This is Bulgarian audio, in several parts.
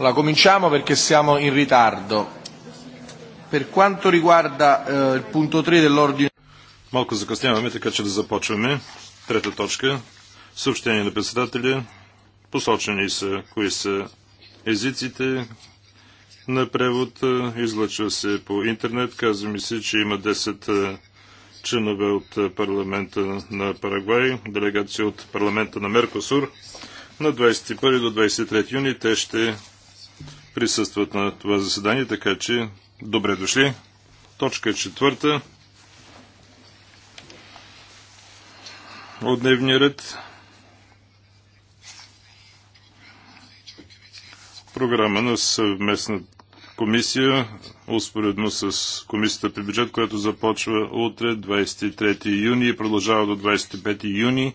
Allora, cominciamo perché siamo in ritardo. Per quanto riguarda eh, il punto 3 dell'ordine... Малко закъсняваме, така че да започваме. Трета точка. Съобщение на председателя. Посочени са кои са езиците на превод. Излъчва се по интернет. Казва ми се, че има 10 е, членове от е, парламента на Парагвай, делегация от парламента на Меркосур. На 21 до 23 юни те ще присъстват на това заседание, така че добре дошли. Точка четвърта от дневния ред. Програма на съвместна комисия, успоредно с комисията при бюджет, която започва утре 23 юни и продължава до 25 юни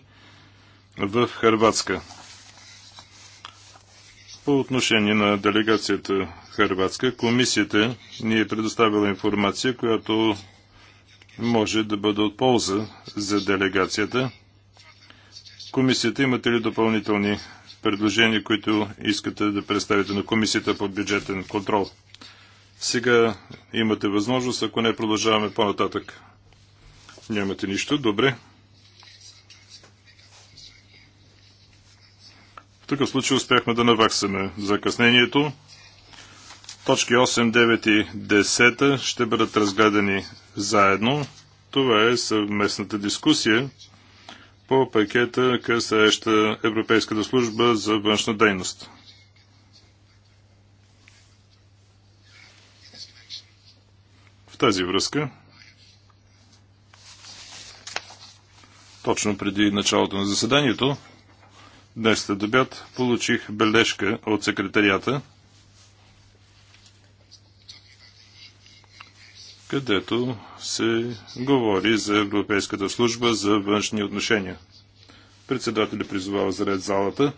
в Харватска. По отношение на делегацията Харватска, комисията ни е предоставила информация, която може да бъде от полза за делегацията. Комисията, имате ли допълнителни предложения, които искате да представите на комисията под бюджетен контрол? Сега имате възможност, ако не продължаваме по-нататък. Нямате нищо. Добре. В такъв случай успяхме да наваксаме закъснението. Точки 8, 9 и 10 ще бъдат разгледани заедно. Това е съвместната дискусия по пакета касаеща Европейската служба за външна дейност. В тази връзка, точно преди началото на заседанието, Днес след обяд получих бележка от секретарията, където се говори за Европейската служба за външни отношения. Председателят призовава заред залата.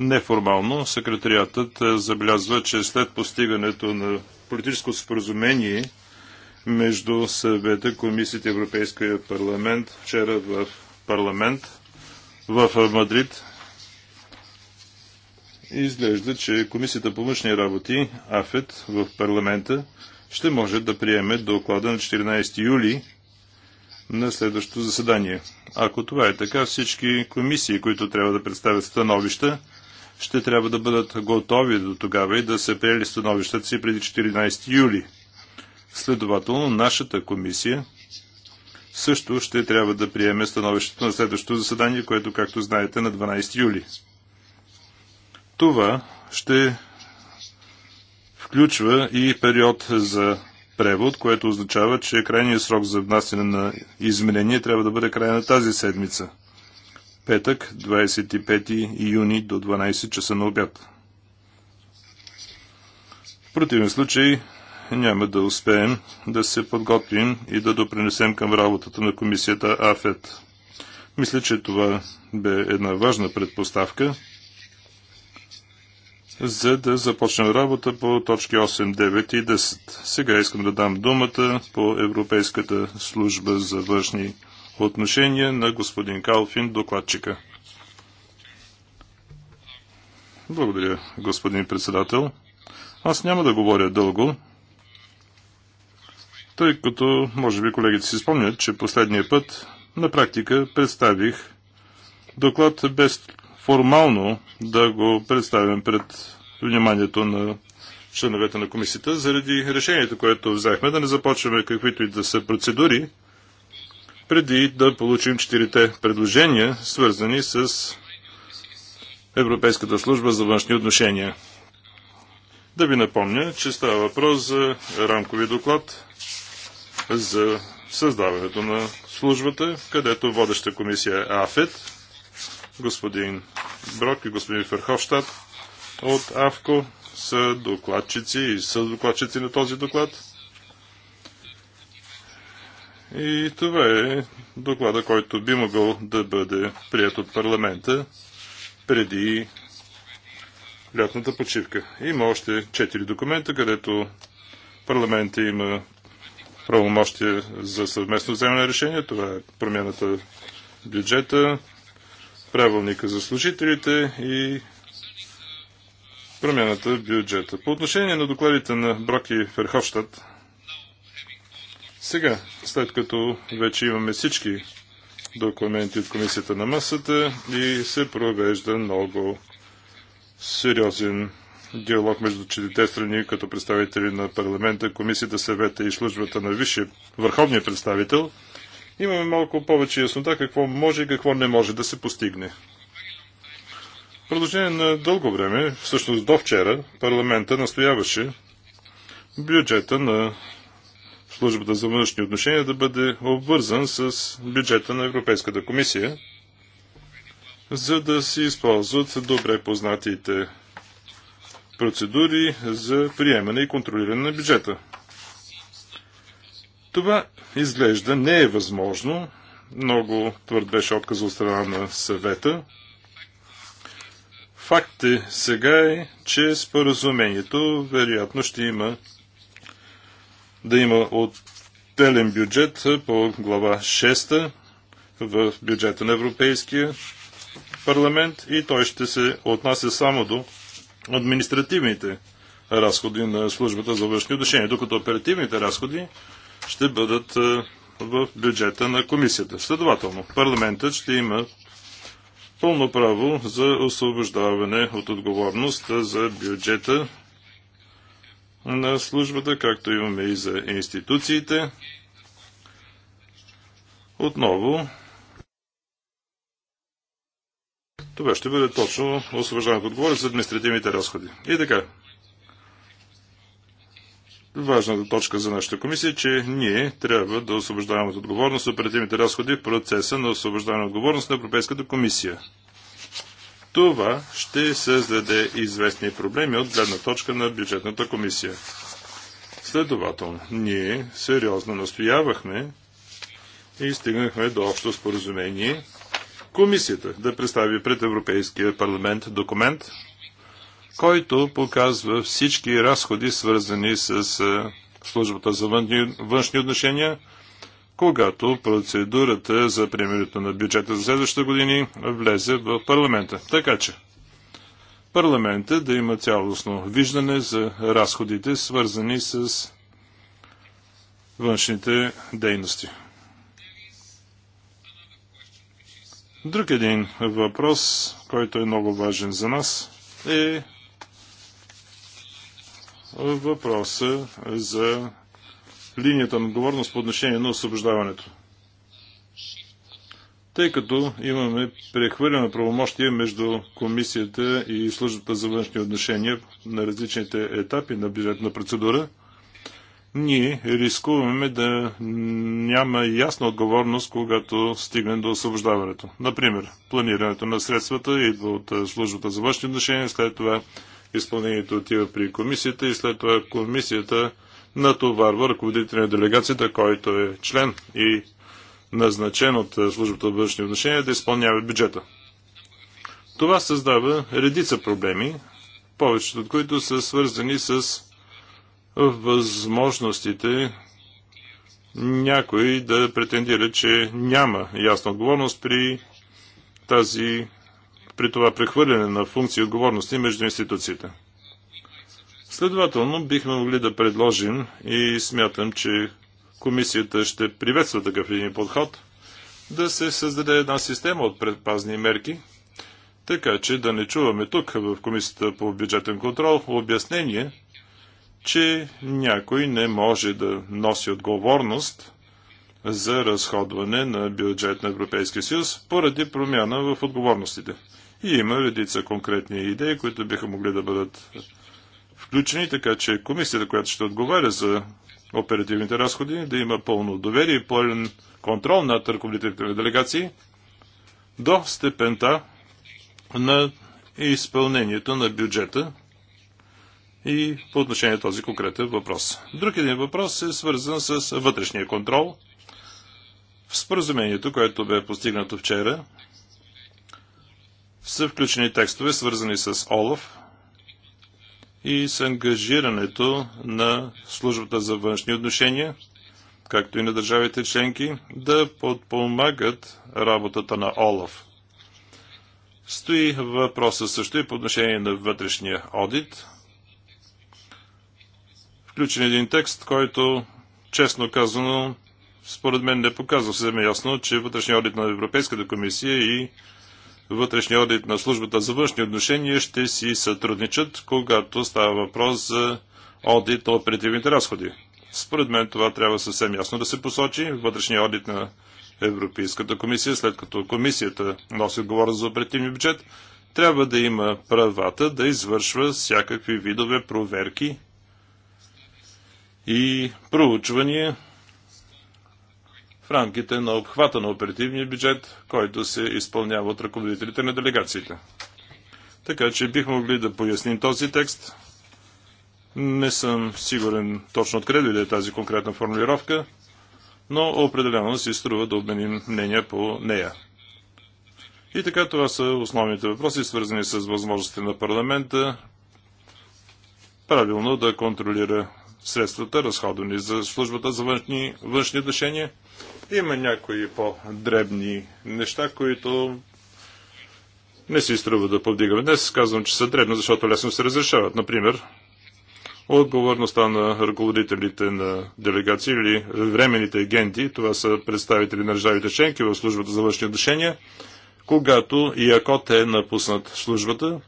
Неформално секретариатът забелязва, че след постигането на политическо споразумение между съвета, комисията Европейския парламент, вчера в парламент, в Мадрид. Изглежда, че Комисията по външни работи, АФЕТ, в парламента, ще може да приеме доклада на 14 юли на следващото заседание. Ако това е така, всички комисии, които трябва да представят становища, ще трябва да бъдат готови до тогава и да се приели становищата си преди 14 юли. Следователно, нашата комисия също ще трябва да приеме становището на следващото заседание, което, както знаете, на 12 юли. Това ще включва и период за превод, което означава, че крайният срок за внасяне на изменение трябва да бъде края на тази седмица. Петък, 25 юни до 12 часа на обяд. В противен случай няма да успеем да се подготвим и да допринесем към работата на комисията АФЕТ. Мисля, че това бе една важна предпоставка, за да започна работа по точки 8, 9 и 10. Сега искам да дам думата по Европейската служба за външни отношения на господин Калфин, докладчика. Благодаря, господин председател. Аз няма да говоря дълго. Тъй като, може би, колегите си спомнят, че последния път на практика представих доклад без формално да го представим пред вниманието на членовете на комисията, заради решението, което взехме, да не започваме каквито и да са процедури, преди да получим четирите предложения, свързани с Европейската служба за външни отношения. Да ви напомня, че става въпрос за рамкови доклад за създаването на службата, където водеща комисия е АФЕД, господин Брок и господин Ферховщад от АФКО са докладчици и са докладчици на този доклад. И това е доклада, който би могъл да бъде прият от парламента преди лятната почивка. Има още четири документа, където парламента има правомощия за съвместно вземане на решение. Това е промяната в бюджета, правилника за служителите и промяната в бюджета. По отношение на докладите на Брок и Ферховщад, сега, след като вече имаме всички документи от комисията на масата и се провежда много сериозен диалог между четирите страни като представители на парламента, комисията, съвета и службата на висше върховния представител, имаме малко повече яснота какво може и какво не може да се постигне. В продължение на дълго време, всъщност до вчера, парламента настояваше бюджета на службата за външни отношения да бъде обвързан с бюджета на Европейската комисия, за да се използват добре познатите процедури за приемане и контролиране на бюджета. Това изглежда не е възможно. Много твърд беше отказа от страна на съвета. Факт е сега е, че споразумението вероятно ще има да има отделен бюджет по глава 6 в бюджета на Европейския парламент и той ще се отнася само до административните разходи на службата за външни отношения, докато оперативните разходи ще бъдат е, в бюджета на комисията. Следователно, парламентът ще има пълно право за освобождаване от отговорност за бюджета на службата, както имаме и за институциите. Отново Това ще бъде точно освобождаването отговорност за административните разходи. И така. Важната точка за нашата комисия е, че ние трябва да освобождаваме от отговорност оперативните разходи в процеса на освобождаване отговорност на Европейската комисия. Това ще създаде известни проблеми от гледна точка на бюджетната комисия. Следователно, ние сериозно настоявахме и стигнахме до общо споразумение – комисията да представи пред Европейския парламент документ, който показва всички разходи, свързани с службата за външни отношения, когато процедурата за примерите на бюджета за следващата години влезе в парламента. Така че парламента да има цялостно виждане за разходите, свързани с външните дейности. Друг един въпрос, който е много важен за нас, е въпроса за линията на отговорност по отношение на освобождаването. Тъй като имаме прехвърляне правомощие между комисията и службата за външни отношения на различните етапи на бюджетна процедура, ние рискуваме да няма ясна отговорност, когато стигнем до освобождаването. Например, планирането на средствата идва от е, службата за външни отношения, след това изпълнението отива при комисията и след това комисията натоварва ръководителя на делегацията, който е член и назначен от е, службата за външни отношения да изпълнява бюджета. Това създава редица проблеми, повечето от които са свързани с възможностите някой да претендира, че няма ясна отговорност при тази при това прехвърляне на функции и отговорности между институциите. Следователно, бихме могли да предложим и смятам, че комисията ще приветства такъв един подход, да се създаде една система от предпазни мерки, така че да не чуваме тук в комисията по бюджетен контрол обяснение, че някой не може да носи отговорност за разходване на бюджет на Европейския съюз поради промяна в отговорностите. И има редица конкретни идеи, които биха могли да бъдат включени, така че комисията, която ще отговаря за оперативните разходи, да има пълно доверие и пълен контрол над ръководителите на делегации до степента на изпълнението на бюджета и по отношение на този конкретен въпрос. Друг един въпрос е свързан с вътрешния контрол. В споразумението, което бе постигнато вчера, са включени текстове, свързани с ОЛАФ и с ангажирането на службата за външни отношения, както и на държавите членки, да подпомагат работата на ОЛАФ. Стои въпроса също и по отношение на вътрешния одит, включен един текст, който, честно казано, според мен не показва съвсем ясно, че вътрешния одит на Европейската комисия и вътрешния одит на службата за външни отношения ще си сътрудничат, когато става въпрос за одит на оперативните разходи. Според мен това трябва съвсем ясно да се посочи. Вътрешния одит на Европейската комисия, след като комисията носи отговорност за оперативния бюджет, трябва да има правата да извършва всякакви видове проверки и проучвания в рамките на обхвата на оперативния бюджет, който се изпълнява от ръководителите на делегациите. Така че бих могли да поясним този текст. Не съм сигурен точно откъде дойде тази конкретна формулировка, но определено си струва да обменим мнения по нея. И така това са основните въпроси, свързани с възможностите на парламента правилно да контролира средствата, разходени за службата за външни, външни дъшения. Има някои по-дребни неща, които не си струва да повдигаме. Днес казвам, че са дребни, защото лесно се разрешават. Например, отговорността на ръководителите на делегации или временните агенти, това са представители на държавите членки в службата за външни отношения, когато и ако те напуснат службата,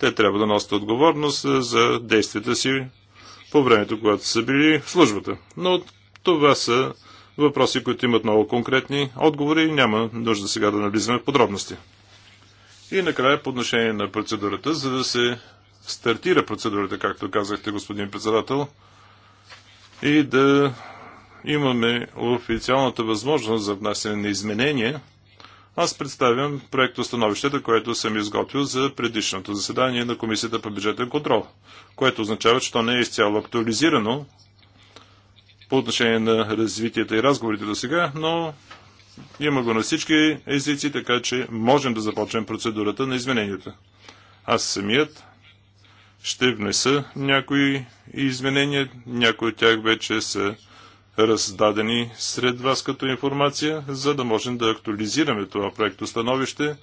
те трябва да носят отговорност за действията си по времето, когато са били в службата. Но това са въпроси, които имат много конкретни отговори и няма нужда сега да навлизаме в подробности. И накрая по отношение на процедурата, за да се стартира процедурата, както казахте, господин председател, и да имаме официалната възможност за внасяне на изменения – аз представям проекто становището, което съм изготвил за предишното заседание на Комисията по бюджетен контрол, което означава, че то не е изцяло актуализирано по отношение на развитието и разговорите до сега, но има го на всички езици, така че можем да започнем процедурата на измененията. Аз самият ще внеса някои изменения, някои от тях вече са раздадени сред вас като информация, за да можем да актуализираме това проекто становище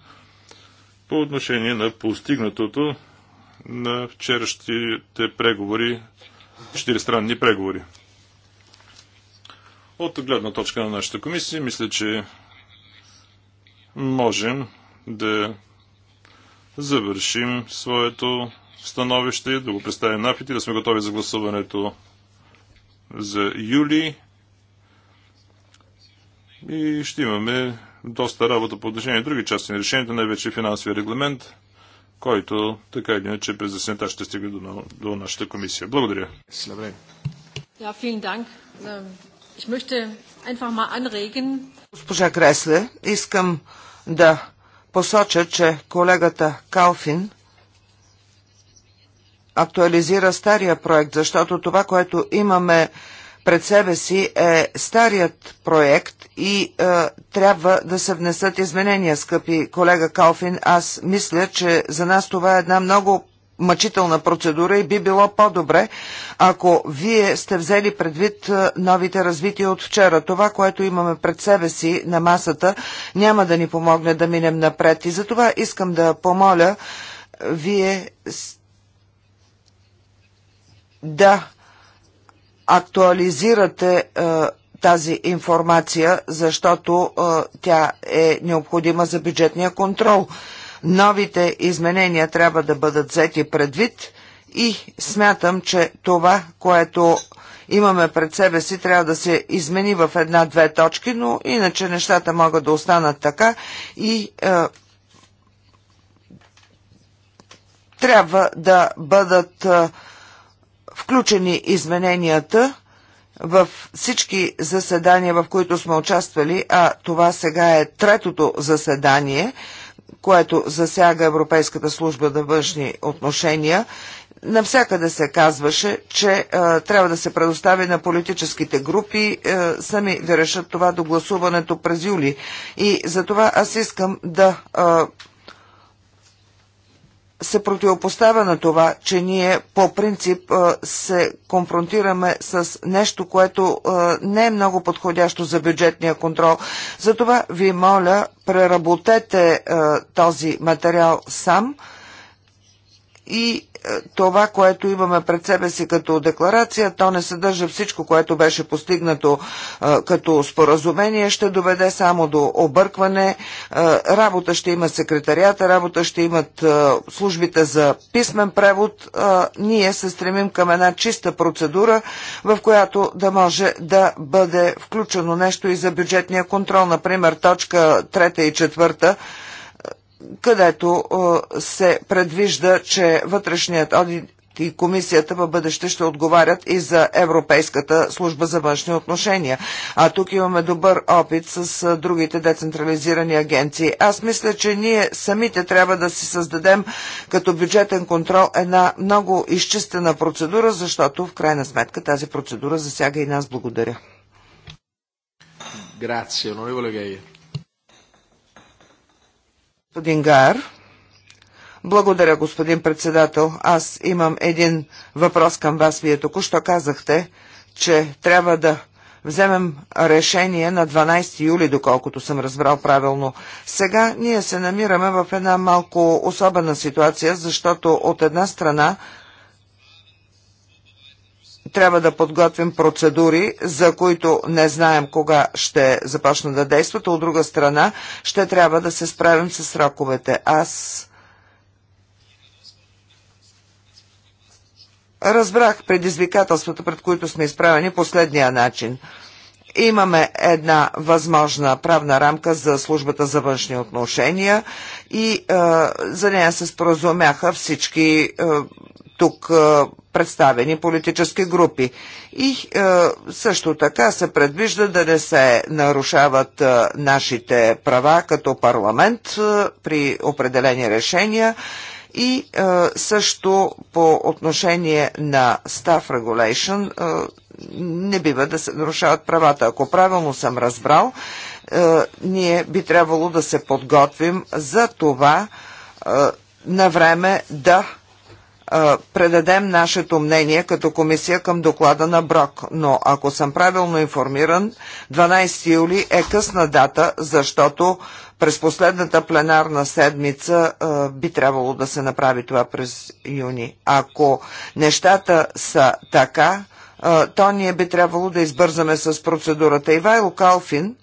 по отношение на постигнатото на вчерашните преговори, 4 преговори. От гледна точка на нашата комисия, мисля, че можем да завършим своето становище, да го представим на и да сме готови за гласуването за юли и ще имаме доста работа по отношение на други части на решението, най-вече финансовия регламент, който така или иначе през десента ще стигне до, до нашата комисия. Благодаря. Ja, vielen Dank. Ähm, ich möchte einfach mal anregen. Госпожа Кресле, искам да посоча, че колегата Калфин актуализира стария проект, защото това, което имаме пред себе си е старият проект и е, трябва да се внесат изменения, скъпи колега Калфин. Аз мисля, че за нас това е една много мъчителна процедура и би било по-добре, ако вие сте взели предвид е, новите развития от вчера. Това, което имаме пред себе си на масата, няма да ни помогне да минем напред. И затова искам да помоля е, вие да актуализирате е, тази информация, защото е, тя е необходима за бюджетния контрол. Новите изменения трябва да бъдат взети предвид и смятам, че това, което имаме пред себе си, трябва да се измени в една-две точки, но иначе нещата могат да останат така и е, трябва да бъдат е, включени измененията в всички заседания, в които сме участвали, а това сега е третото заседание, което засяга Европейската служба на външни отношения, навсякъде се казваше, че е, трябва да се предостави на политическите групи е, сами да решат това до гласуването през юли. И за това аз искам да е, се противопоставя на това, че ние по принцип се конфронтираме с нещо, което не е много подходящо за бюджетния контрол. Затова ви моля, преработете този материал сам – и е, това, което имаме пред себе си като декларация, то не съдържа всичко, което беше постигнато е, като споразумение, ще доведе само до объркване. Е, работа ще има секретарията, работа ще имат службите за писмен превод. Ние се стремим към една чиста процедура, в която да може да бъде включено нещо и за бюджетния контрол. Например, точка 3 и 4 където се предвижда, че вътрешният одит и комисията в бъдеще ще отговарят и за Европейската служба за външни отношения. А тук имаме добър опит с другите децентрализирани агенции. Аз мисля, че ние самите трябва да си създадем като бюджетен контрол една много изчистена процедура, защото в крайна сметка тази процедура засяга и нас. Благодаря. Grazie, onorevole Gaia. Господин Гар. Благодаря, господин председател. Аз имам един въпрос към вас. Вие току-що казахте, че трябва да вземем решение на 12 юли, доколкото съм разбрал правилно. Сега ние се намираме в една малко особена ситуация, защото от една страна трябва да подготвим процедури, за които не знаем кога ще започнат да действат, а от друга страна ще трябва да се справим с сроковете. Аз разбрах предизвикателствата, пред които сме изправени последния начин. Имаме една възможна правна рамка за службата за външни отношения и е, за нея се споразумяха всички е, тук е, представени политически групи. И е, също така се предвижда да не се нарушават е, нашите права като парламент е, при определени решения и е, също по отношение на Staff Regulation е, не бива да се нарушават правата. Ако правилно съм разбрал, е, ние би трябвало да се подготвим за това е, на време да предадем нашето мнение като комисия към доклада на Брок. Но ако съм правилно информиран, 12 юли е късна дата, защото през последната пленарна седмица а, би трябвало да се направи това през юни. Ако нещата са така, а, то ние би трябвало да избързаме с процедурата. Ивайло Калфин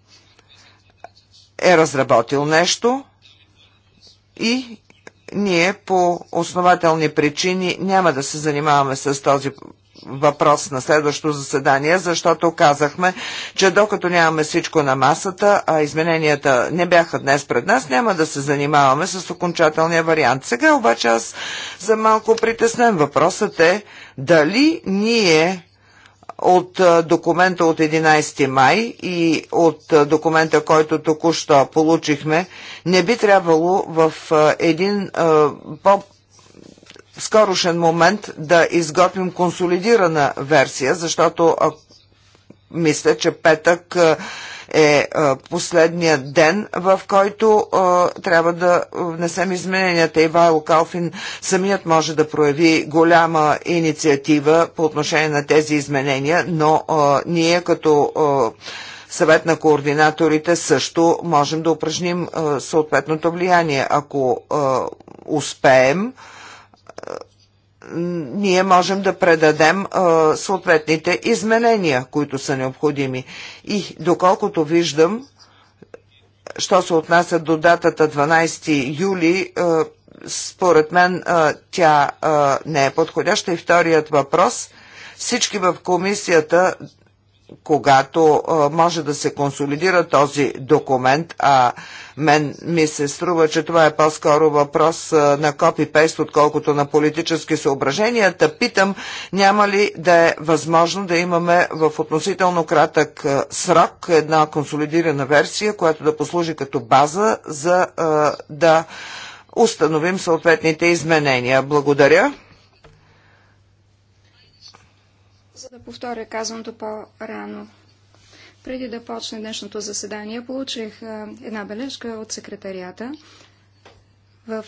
е разработил нещо и ние по основателни причини няма да се занимаваме с този въпрос на следващото заседание, защото казахме, че докато нямаме всичко на масата, а измененията не бяха днес пред нас, няма да се занимаваме с окончателния вариант. Сега обаче аз за малко притеснен въпросът е дали ние от документа от 11 май и от документа, който току-що получихме, не би трябвало в един по скорошен момент да изготвим консолидирана версия, защото мисля, че петък е, е последният ден, в който е, трябва да внесем измененията. Ивайло Калфин самият може да прояви голяма инициатива по отношение на тези изменения, но е, ние като съвет на координаторите също можем да упражним съответното влияние. Ако успеем, ние можем да предадем а, съответните изменения, които са необходими. И доколкото виждам, що се отнася до датата 12 юли, а, според мен а, тя а, не е подходяща. И вторият въпрос. Всички в комисията когато може да се консолидира този документ, а мен ми се струва, че това е по-скоро въпрос на копипейст, отколкото на политически съображения. Та питам, няма ли да е възможно да имаме в относително кратък срок една консолидирана версия, която да послужи като база за да установим съответните изменения. Благодаря. Да повторя казаното по-рано. Преди да почне днешното заседание, получих една бележка от секретарията, в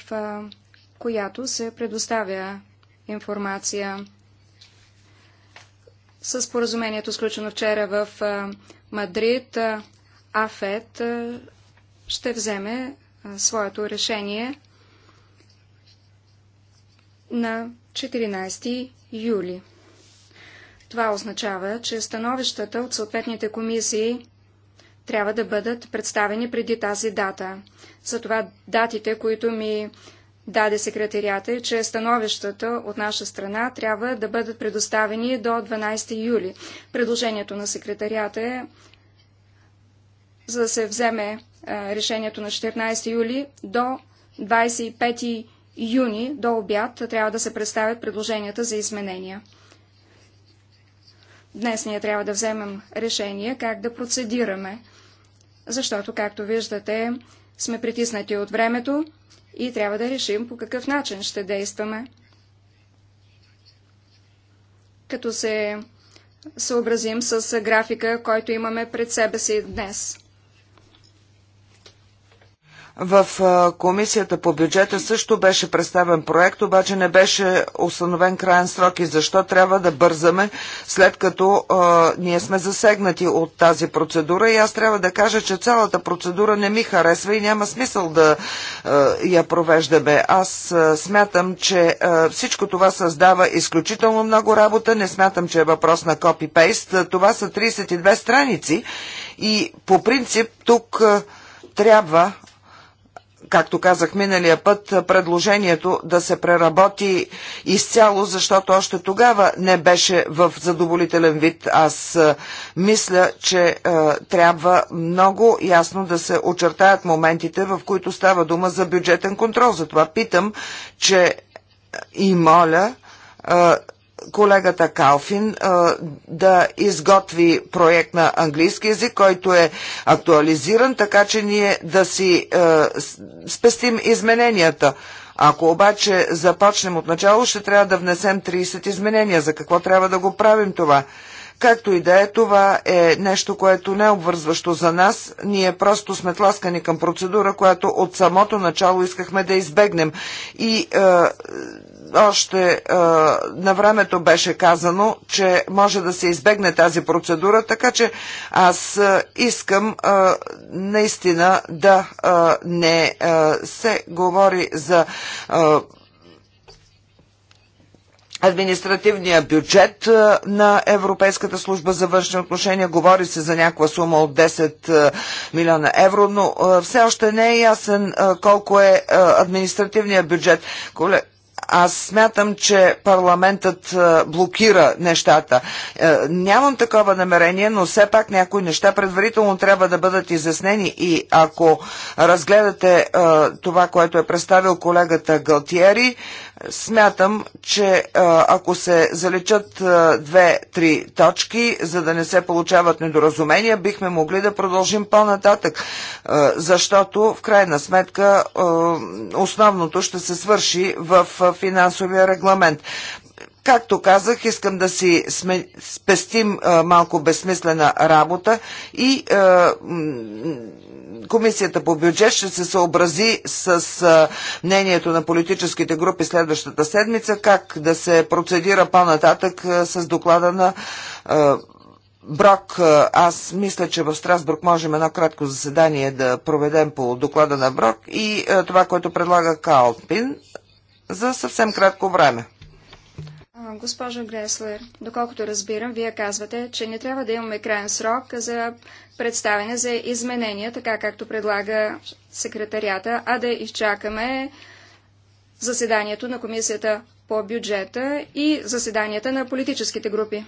която се предоставя информация с поразумението, сключено вчера в Мадрид, АФЕТ ще вземе своето решение на 14 юли. Това означава, че становищата от съответните комисии трябва да бъдат представени преди тази дата. Затова датите, които ми даде секретарията, е, че становищата от наша страна трябва да бъдат предоставени до 12 юли. Предложението на секретарията е за да се вземе решението на 14 юли до 25 юни, до обяд, трябва да се представят предложенията за изменения. Днес ние трябва да вземем решение как да процедираме, защото, както виждате, сме притиснати от времето и трябва да решим по какъв начин ще действаме. Като се съобразим с графика, който имаме пред себе си днес. В комисията по бюджета също беше представен проект, обаче не беше установен крайен срок и защо трябва да бързаме, след като а, ние сме засегнати от тази процедура и аз трябва да кажа, че цялата процедура не ми харесва и няма смисъл да а, я провеждаме. Аз а, смятам, че а, всичко това създава изключително много работа, не смятам, че е въпрос на копипейст. Това са 32 страници и по принцип тук а, трябва както казах миналия път, предложението да се преработи изцяло, защото още тогава не беше в задоволителен вид. Аз мисля, че е, трябва много ясно да се очертаят моментите, в които става дума за бюджетен контрол. Затова питам, че и моля е, колегата Калфин да изготви проект на английски язик, който е актуализиран, така че ние да си спестим измененията. Ако обаче започнем от начало, ще трябва да внесем 30 изменения. За какво трябва да го правим това? Както и да е, това е нещо, което не е обвързващо за нас. Ние просто сме тласкани към процедура, която от самото начало искахме да избегнем. И е, още а, е, на времето беше казано, че може да се избегне тази процедура, така че аз а, е, искам а, е, наистина да а, не а, се говори за а, административния бюджет на Европейската служба за външни отношения. Говори се за някаква сума от 10 милиона евро, но все още не е ясен колко е административния бюджет аз смятам, че парламентът е, блокира нещата. Е, нямам такова намерение, но все пак някои неща предварително трябва да бъдат изяснени и ако разгледате е, това, което е представил колегата Галтиери, Смятам, че е, ако се залечат е, две-три точки, за да не се получават недоразумения, бихме могли да продължим по-нататък, е, защото в крайна сметка основното ще се свърши в финансовия регламент. Както казах, искам да си сме, спестим а, малко безсмислена работа и а, Комисията по бюджет ще се съобрази с а, мнението на политическите групи следващата седмица, как да се процедира по-нататък с доклада на а, Брок, аз мисля, че в Страсбург можем едно кратко заседание да проведем по доклада на Брок и това, което предлага Калпин за съвсем кратко време. Госпожо Греслер, доколкото разбирам, вие казвате, че не трябва да имаме крайен срок за представяне за изменения, така както предлага секретарията, а да изчакаме заседанието на комисията по бюджета и заседанията на политическите групи.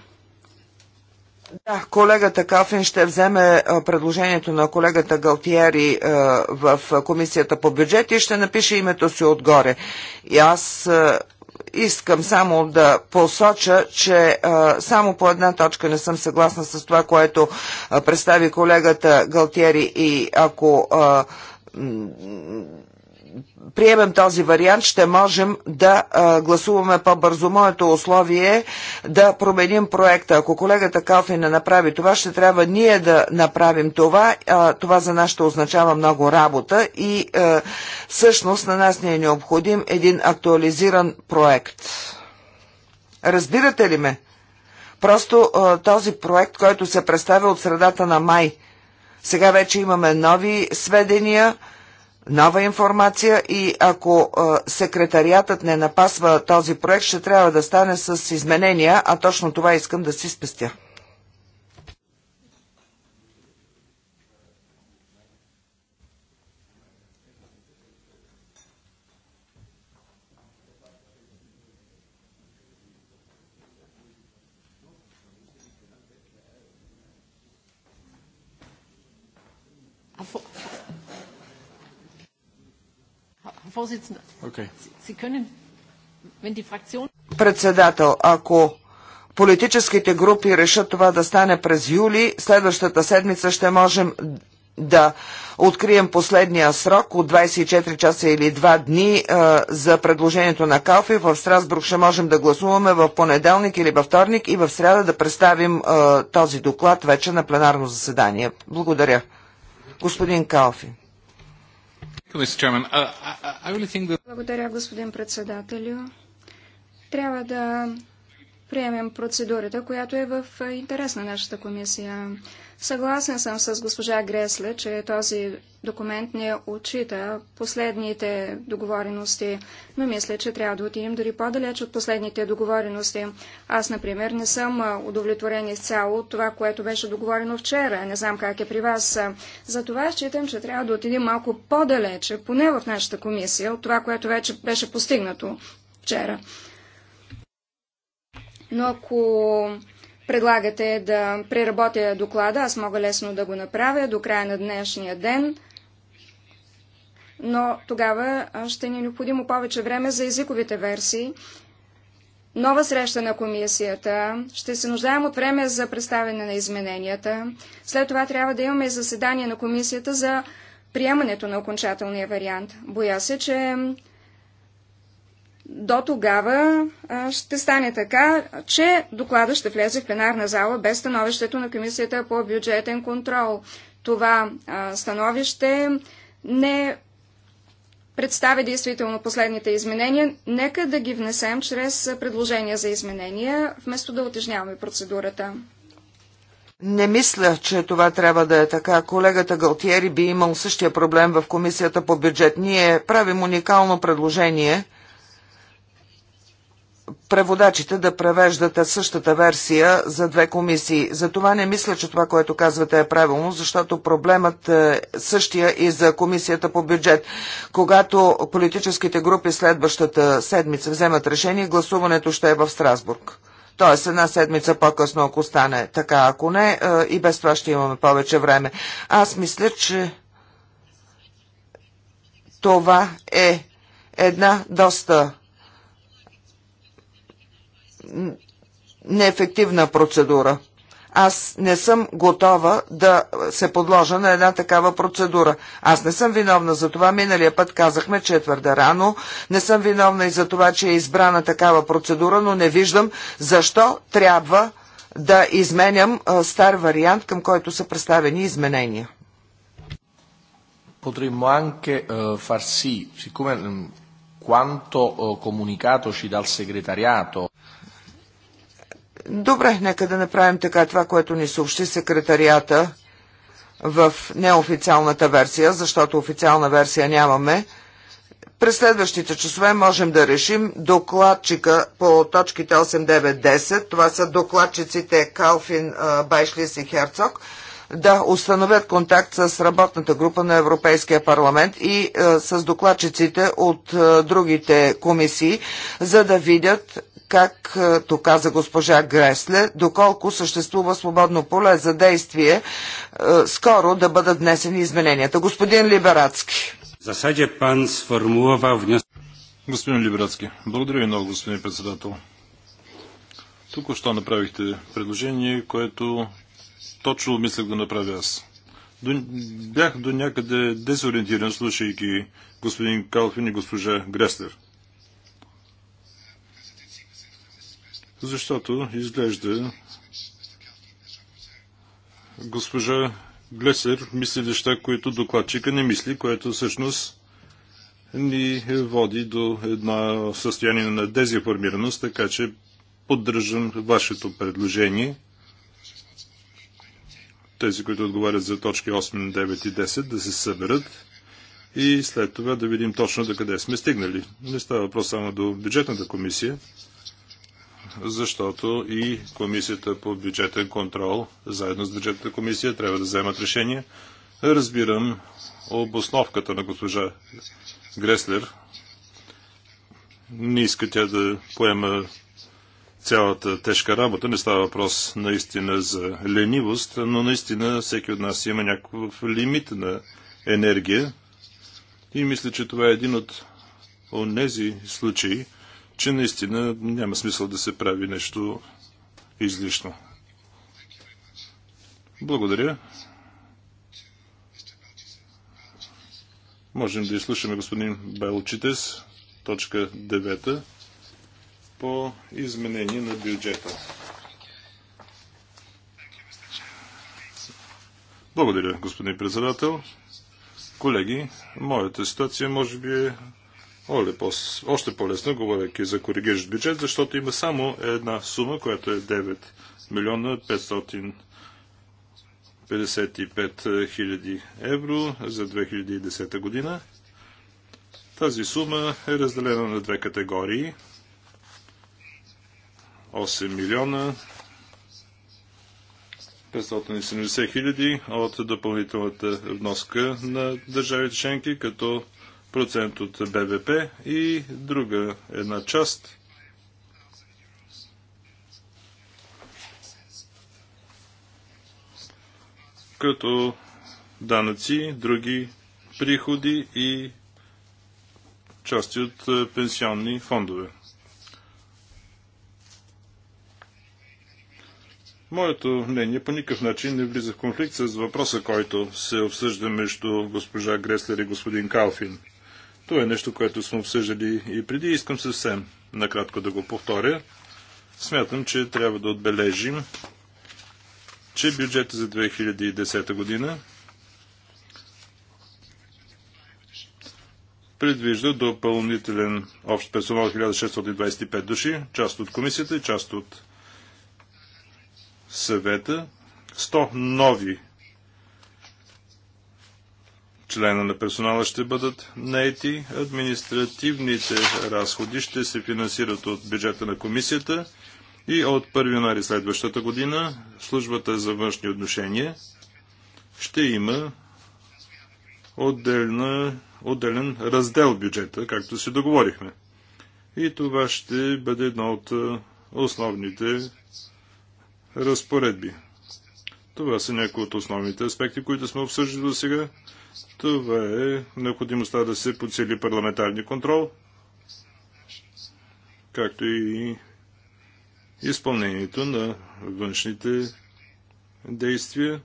Да, колегата Кафин ще вземе е, предложението на колегата Галтиери е, в комисията по бюджет и ще напише името си отгоре. И аз е, искам само да посоча, че а, само по една точка не съм съгласна с това, което а, представи колегата Галтери и ако а, приемем този вариант, ще можем да а, гласуваме по-бързо. Моето условие е да променим проекта. Ако колегата Калфи не направи това, ще трябва ние да направим това. А, това за нас ще означава много работа и а, всъщност на нас ни не е необходим един актуализиран проект. Разбирате ли ме? Просто а, този проект, който се представя от средата на май, сега вече имаме нови сведения – нова информация и ако секретариатът не напасва този проект, ще трябва да стане с изменения, а точно това искам да си спестя. Председател, ако политическите групи решат това да стане през юли, следващата седмица ще можем да открием последния срок от 24 часа или 2 дни а, е, за предложението на Калфи. В Страсбург ще можем да гласуваме в понеделник или във вторник и в среда да представим а, е, този доклад вече на пленарно заседание. Благодаря. Господин Калфи. Uh, Благодаря, господин председателю. Трябва да приемем процедурата, която е в интерес на нашата комисия. Съгласен съм с госпожа Гресле, че този документ не отчита последните договорености, но мисля, че трябва да отидем дори по-далеч от последните договорености. Аз, например, не съм удовлетворен изцяло от това, което беше договорено вчера. Не знам как е при вас. Затова считам, че трябва да отидем малко по-далече, поне в нашата комисия, от това, което вече беше постигнато вчера. Но ако Предлагате да преработя доклада, аз мога лесно да го направя до края на днешния ден, но тогава ще ни е необходимо повече време за езиковите версии. Нова среща на комисията, ще се нуждаем от време за представяне на измененията. След това трябва да имаме заседание на комисията за приемането на окончателния вариант. Боя се, че до тогава ще стане така, че доклада ще влезе в пленарна зала без становището на Комисията по бюджетен контрол. Това становище не представя действително последните изменения. Нека да ги внесем чрез предложения за изменения, вместо да отежняваме процедурата. Не мисля, че това трябва да е така. Колегата Галтиери би имал същия проблем в Комисията по бюджет. Ние правим уникално предложение – преводачите да превеждат същата версия за две комисии. Затова не мисля, че това, което казвате е правилно, защото проблемът е същия и за комисията по бюджет. Когато политическите групи следващата седмица вземат решение, гласуването ще е в Страсбург. Тоест една седмица по-късно, ако стане така, ако не, е, и без това ще имаме повече време. Аз мисля, че това е една доста неефективна процедура. Аз не съм готова да се подложа на една такава процедура. Аз не съм виновна за това. Миналия път казахме, че е твърде рано. Не съм виновна и за това, че е избрана такава процедура, но не виждам защо трябва да изменям стар вариант, към който са представени изменения. Potremmo anche eh, far sì, siccome quanto eh, е, comunicatoci dal segretariato Добре, нека да направим така това, което ни съобщи секретарията в неофициалната версия, защото официална версия нямаме. През следващите часове можем да решим докладчика по точките 8, 9, 10. Това са докладчиците Калфин, Байшлис и Херцог да установят контакт с работната група на Европейския парламент и а, е, с докладчиците от а, е, другите комисии, за да видят как, е, то каза госпожа Гресле, доколко съществува свободно поле за действие, скоро да бъдат внесени измененията. Господин Либерацки. Засаде пан сформулава внес... Господин Либерацки, благодаря ви много, господин председател. Тук още направихте предложение, което точно мислех да направя аз. До, бях до някъде дезориентиран, слушайки господин Калфин и госпожа Греслер. Защото изглежда госпожа Глесер мисли неща, които докладчика не мисли, което всъщност ни води до едно състояние на дезинформираност, така че поддържам вашето предложение – тези, които отговарят за точки 8, 9 и 10, да се съберат и след това да видим точно до къде сме стигнали. Не става въпрос само до бюджетната комисия, защото и комисията по бюджетен контрол, заедно с бюджетната комисия, трябва да вземат решение. Разбирам обосновката на госпожа Греслер. Не иска тя да поема цялата тежка работа. Не става въпрос наистина за ленивост, но наистина всеки от нас има някакъв лимит на енергия. И мисля, че това е един от онези случаи, че наистина няма смисъл да се прави нещо излишно. Благодаря. Можем да изслушаме господин Белчитес, точка 9 по изменение на бюджета. Благодаря, господин председател. Колеги, моята ситуация може би е Оле, още по лесна говоряки за коригиращ бюджет, защото има само една сума, която е 9 милиона 555 хиляди евро за 2010 година. Тази сума е разделена на две категории – 8 милиона 570 хиляди от допълнителната вноска на държавите членки като процент от БВП и друга една част като данъци, други приходи и части от пенсионни фондове. Моето мнение по никакъв начин не влиза в конфликт с въпроса, който се обсъжда между госпожа Греслер и господин Калфин. Това е нещо, което сме обсъждали и преди. Искам съвсем накратко да го повторя. Смятам, че трябва да отбележим, че бюджета за 2010 година предвижда допълнителен общ персонал 1625 души, част от комисията и част от съвета 100 нови члена на персонала ще бъдат наети. Административните разходи ще се финансират от бюджета на комисията и от 1 януари следващата година службата за външни отношения ще има отделна, отделен раздел бюджета, както се договорихме. И това ще бъде едно от основните разпоредби. Това са някои от основните аспекти, които сме обсъждали до сега. Това е необходимостта да се подсили парламентарния контрол, както и изпълнението на външните действия,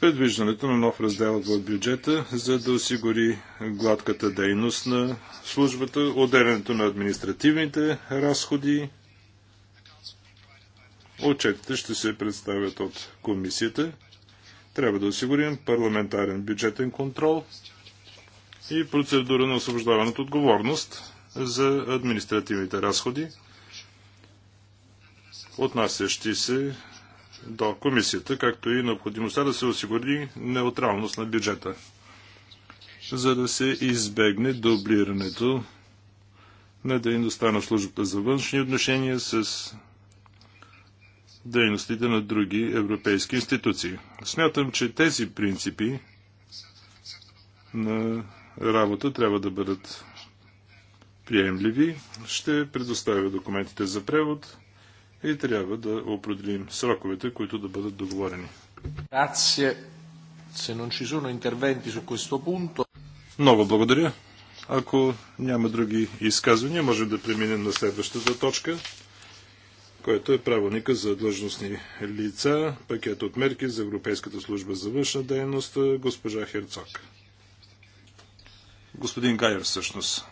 предвиждането на нов раздел в бюджета, за да осигури гладката дейност на службата, отделянето на административните разходи, Отчетите ще се представят от комисията. Трябва да осигурим парламентарен бюджетен контрол и процедура на освобождаване от отговорност за административните разходи, отнасящи се до комисията, както и необходимостта да се осигури неутралност на бюджета, за да се избегне дублирането на дейността на службата за външни отношения с дейностите на други европейски институции. Смятам, че тези принципи на работа трябва да бъдат приемливи. Ще предоставя документите за превод и трябва да определим сроковете, които да бъдат договорени. Много благодаря. Ако няма други изказвания, можем да преминем на следващата точка което е правилника за длъжностни лица, пакет от мерки за Европейската служба за външна дейност, госпожа Херцог. Господин Гайер, всъщност.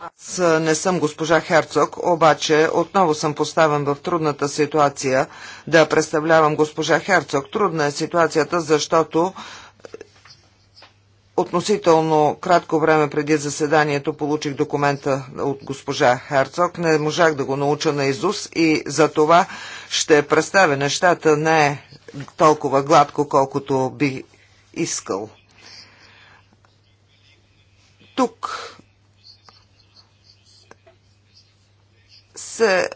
Аз не съм госпожа Херцог, обаче отново съм поставен в трудната ситуация да представлявам госпожа Херцог. Трудна е ситуацията, защото Относително кратко време преди заседанието получих документа от госпожа Херцог. Не можах да го науча на Изус и за това ще представя нещата не толкова гладко, колкото би искал. Тук се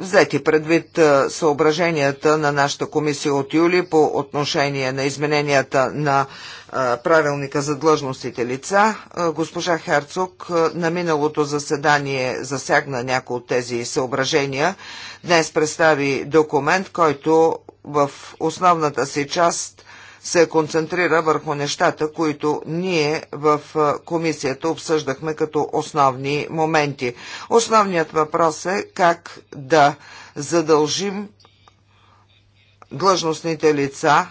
взети предвид съображенията на нашата комисия от юли по отношение на измененията на правилника за длъжностите лица. Госпожа Херцог на миналото заседание засягна някои от тези съображения. Днес представи документ, който в основната си част се концентрира върху нещата, които ние в комисията обсъждахме като основни моменти. Основният въпрос е как да задължим длъжностните лица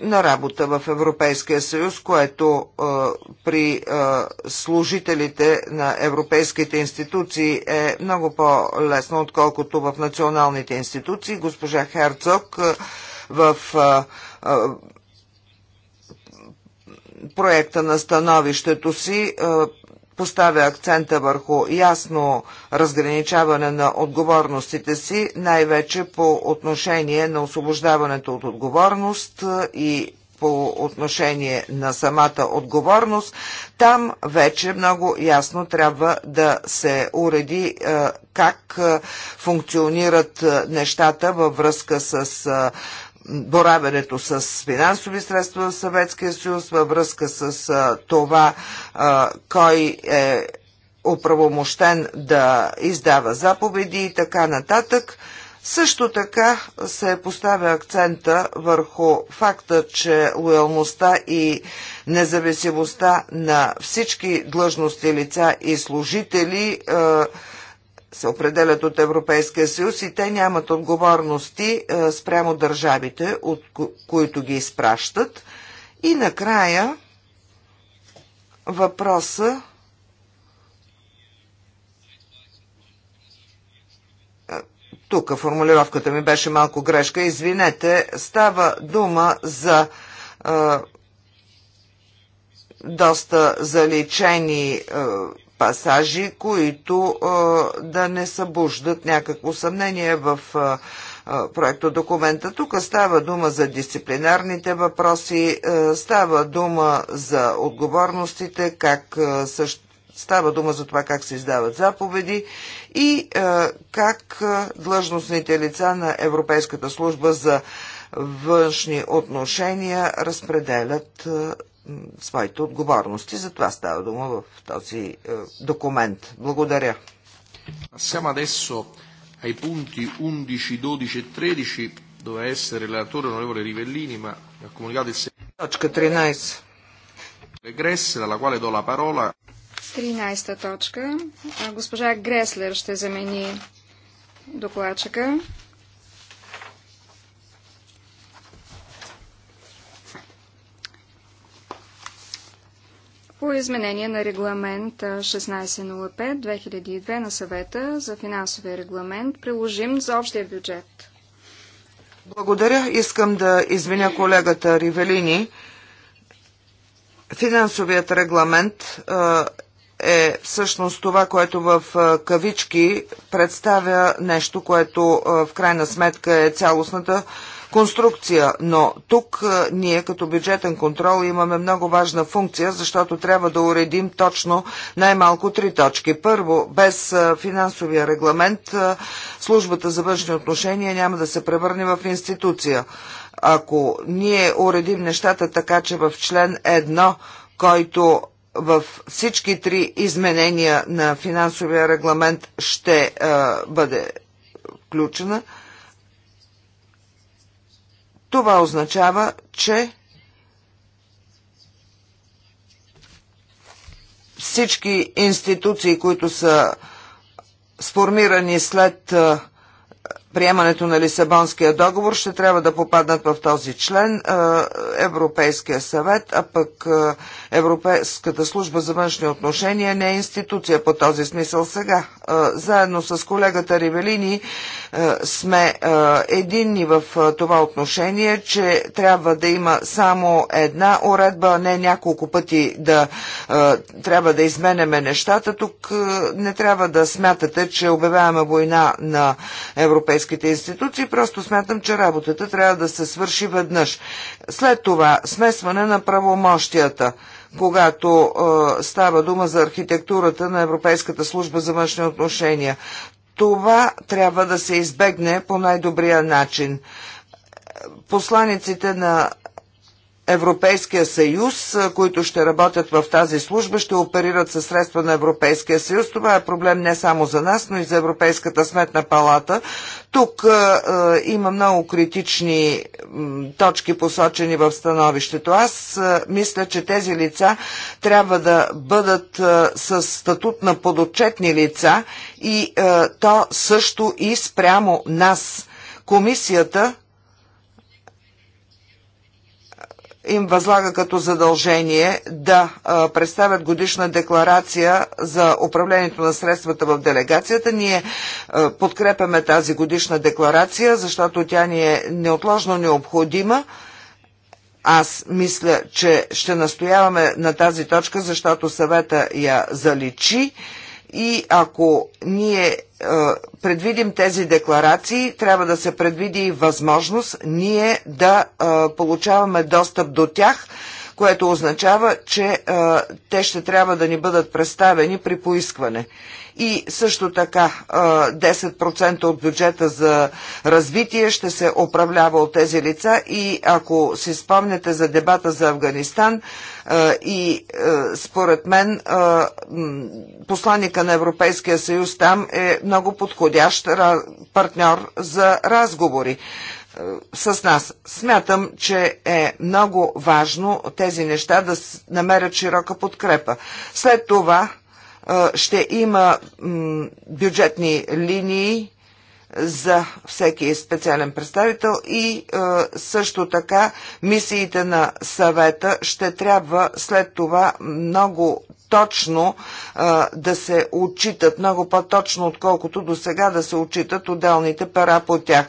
на работа в Европейския съюз, което а, е, при а, е, служителите на европейските институции е много по-лесно, отколкото в националните институции. Госпожа Херцог а, е, в а, а, проекта на становището си а, поставя акцента върху ясно разграничаване на отговорностите си, най-вече по отношение на освобождаването от отговорност и по отношение на самата отговорност, там вече много ясно трябва да се уреди как функционират нещата във връзка с боравенето с финансови средства в Съветския съюз, във връзка с а, това а, кой е оправомощен да издава заповеди и така нататък. Също така се поставя акцента върху факта, че лоялността и независимостта на всички длъжности лица и служители е, се определят от Европейския съюз и те нямат отговорности е, спрямо държавите, от които ги изпращат. И накрая въпроса е, Тук формулировката ми беше малко грешка. Извинете, става дума за е, доста заличени е, пасажи, които да не събуждат някакво съмнение в проекто документа. Тук става дума за дисциплинарните въпроси, става дума за отговорностите, как също Става дума за това как се издават заповеди и е, как длъжностните лица на Европейската служба за външни отношения разпределят своите отговорности. За това става дума в този е, документ. Благодаря. Siamo adesso ai punti 11, 12 e 13, doveva essere il relatore onorevole Rivellini, ma mi ha comunicato il Точка 13. Греслер, alla quale do la parola. 13 точка. Госпожа Греслер ще замени докладчика. по изменение на регламент 1605-2002 на съвета за финансовия регламент, приложим за общия бюджет. Благодаря. Искам да извиня колегата Ривелини. Финансовият регламент е всъщност това, което в кавички представя нещо, което в крайна сметка е цялостната конструкция, но тук ние като бюджетен контрол имаме много важна функция, защото трябва да уредим точно най-малко три точки. Първо, без финансовия регламент службата за външни отношения няма да се превърне в институция. Ако ние уредим нещата така, че в член 1, който в всички три изменения на финансовия регламент ще е, бъде включена – това означава, че всички институции, които са сформирани след приемането на Лисабонския договор, ще трябва да попаднат в този член Европейския съвет, а пък Европейската служба за външни отношения не е институция по този смисъл сега. Заедно с колегата Ривелини сме единни в това отношение, че трябва да има само една уредба, а не няколко пъти да трябва да изменяме нещата. Тук не трябва да смятате, че обявяваме война на европейските институции. Просто смятам, че работата трябва да се свърши веднъж. След това смесване на правомощията когато а, става дума за архитектурата на Европейската служба за външни отношения. Това трябва да се избегне по най-добрия начин. Посланиците на Европейския съюз, които ще работят в тази служба, ще оперират със средства на Европейския съюз. Това е проблем не само за нас, но и за Европейската сметна палата, тук а, има много критични м, точки посочени в становището. Аз а, мисля, че тези лица трябва да бъдат а, с статут на подотчетни лица и а, то също и спрямо нас. Комисията им възлага като задължение да представят годишна декларация за управлението на средствата в делегацията. Ние подкрепяме тази годишна декларация, защото тя ни е неотложно необходима. Аз мисля, че ще настояваме на тази точка, защото съвета я заличи. И ако ние е, предвидим тези декларации, трябва да се предвиди и възможност ние да е, получаваме достъп до тях което означава, че а, те ще трябва да ни бъдат представени при поискване. И също така а, 10% от бюджета за развитие ще се управлява от тези лица и ако си спомняте за дебата за Афганистан, и според мен посланника на Европейския съюз там е много подходящ партньор за разговори. Е, с нас. Смятам, че е много важно тези неща да намерят широка подкрепа. След това е, ще има бюджетни линии за всеки специален представител и е, също така мисиите на съвета ще трябва след това много точно да се отчитат, много по-точно, отколкото до сега да се отчитат отделните пара по тях.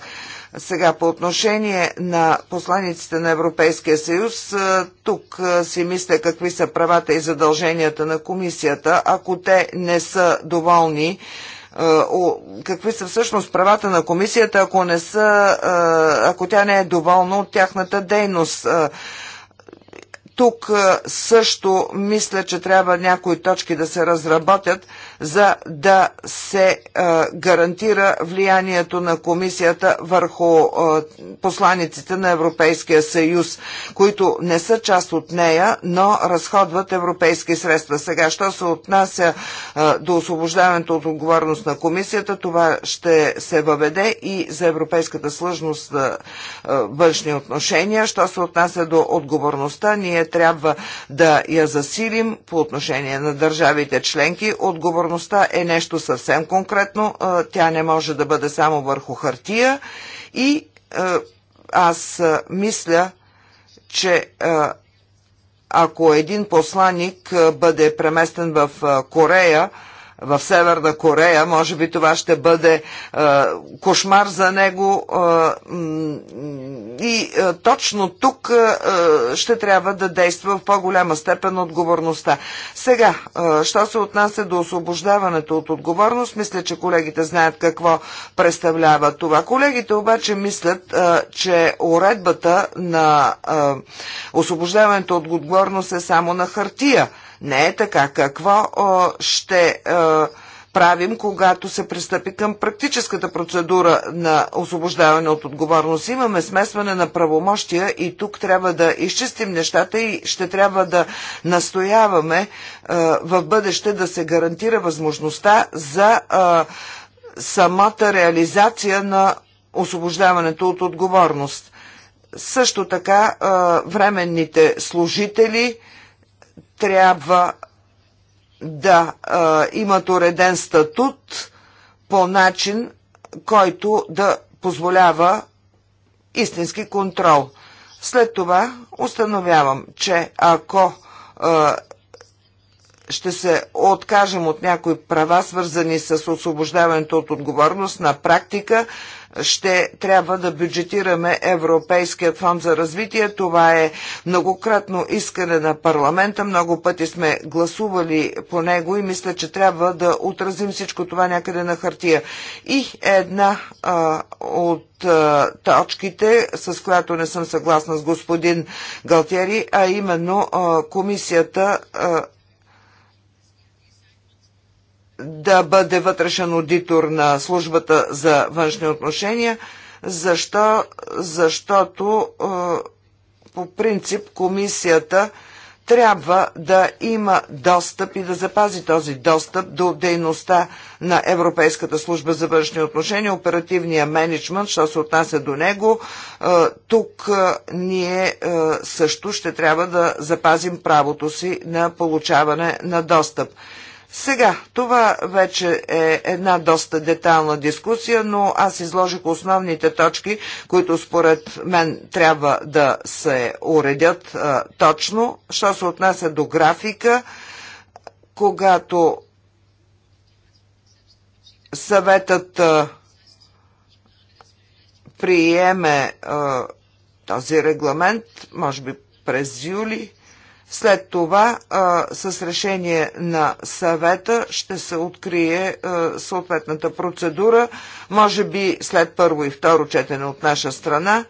Сега по отношение на посланиците на Европейския съюз, тук си мисля какви са правата и задълженията на комисията, ако те не са доволни какви са всъщност правата на комисията, ако, не са, ако тя не е доволна от тяхната дейност. Тук също мисля, че трябва някои точки да се разработят, за да се гарантира влиянието на комисията върху посланиците на Европейския съюз, които не са част от нея, но разходват европейски средства. Сега, що се отнася до освобождаването от отговорност на комисията, това ще се въведе и за Европейската слъжност за външни отношения. Що се отнася до отговорността, ние трябва да я засилим по отношение на държавите членки. Отговорността отговорността е нещо съвсем конкретно. Тя не може да бъде само върху хартия. И аз мисля, че ако един посланник бъде преместен в Корея, в Северна Корея, може би това ще бъде а, е, кошмар за него. А, е, и а, е, точно тук а, ще трябва да действа в по-голяма степен отговорността. Сега, а, що се отнася до освобождаването от отговорност, мисля, че колегите знаят какво представлява това. Колегите обаче мислят, а, че уредбата на а, освобождаването от отговорност е само на хартия. Не е така. Какво ще правим, когато се пристъпи към практическата процедура на освобождаване от отговорност. Имаме смесване на правомощия и тук трябва да изчистим нещата и ще трябва да настояваме е, в бъдеще да се гарантира възможността за е, самата реализация на освобождаването от отговорност. Също така е, временните служители – трябва да а, имат уреден статут по начин, който да позволява истински контрол. След това установявам, че ако а, ще се откажем от някои права, свързани с освобождаването от отговорност, на практика ще трябва да бюджетираме Европейският фонд за развитие. Това е многократно искане на парламента. Много пъти сме гласували по него и мисля, че трябва да отразим всичко това някъде на хартия. И една а, от а, точките, с която не съм съгласна с господин Галтери, а именно а, комисията а, да бъде вътрешен аудитор на службата за външни отношения, защо, защото е, по принцип комисията трябва да има достъп и да запази този достъп до дейността на Европейската служба за външни отношения, оперативния менеджмент, що се отнася до него. Е, тук е, ние също ще трябва да запазим правото си на получаване на достъп. Сега, това вече е една доста детална дискусия, но аз изложих основните точки, които според мен трябва да се уредят а, точно. Що се отнася до графика, когато съветът а, приеме а, този регламент, може би през юли, след това а, с решение на съвета ще се открие а, съответната процедура, може би след първо и второ четене от наша страна.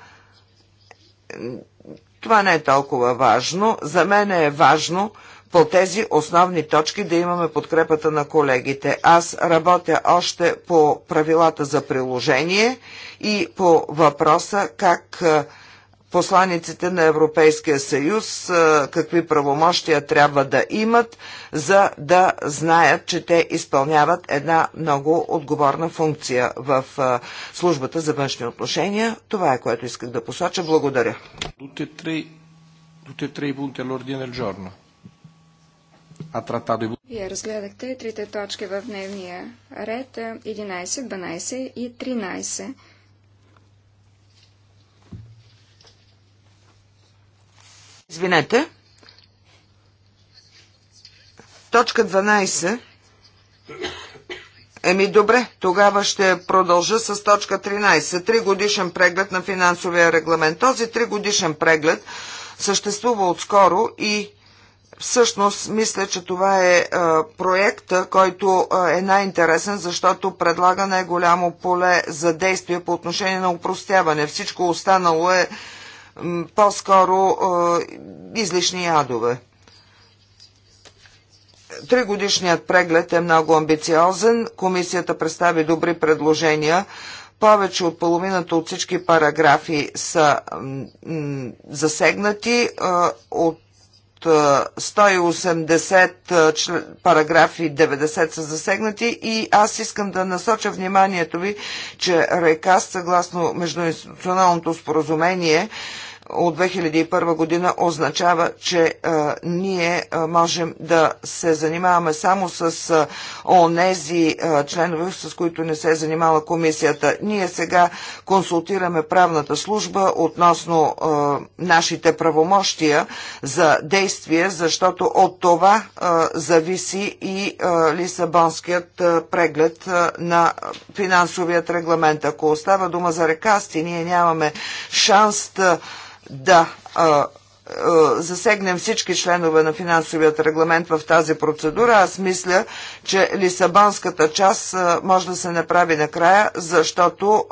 Това не е толкова важно. За мен е важно по тези основни точки да имаме подкрепата на колегите. Аз работя още по правилата за приложение и по въпроса как а, посланиците на Европейския съюз какви правомощия трябва да имат, за да знаят, че те изпълняват една много отговорна функция в службата за външни отношения. Това е което исках да посоча. Благодаря. E e Вие разгледахте трите точки в дневния ред 11, 12 и 13. Извинете. Точка 12. Еми добре, тогава ще продължа с точка 13. Тригодишен преглед на финансовия регламент. Този тригодишен преглед съществува отскоро и Всъщност, мисля, че това е проект, проекта, който е най-интересен, защото предлага най-голямо поле за действие по отношение на упростяване. Всичко останало е по-скоро излишни ядове. Тригодишният преглед е много амбициозен. Комисията представи добри предложения. Повече от половината от всички параграфи са засегнати. От 180 параграфи 90 са засегнати и аз искам да насоча вниманието ви, че РЕКАС, съгласно междуинституционалното споразумение, от 2001 година означава, че а, ние а, можем да се занимаваме само с а, онези а, членове, с които не се е занимава комисията. Ние сега консултираме правната служба относно а, нашите правомощия за действие, защото от това а, зависи и а, Лисабонският а, преглед а, на финансовият регламент. Ако остава дума за рекасти, ние нямаме шанс да да а, засегнем всички членове на финансовият регламент в тази процедура. Аз мисля, че Лисабонската част може да се направи накрая, защото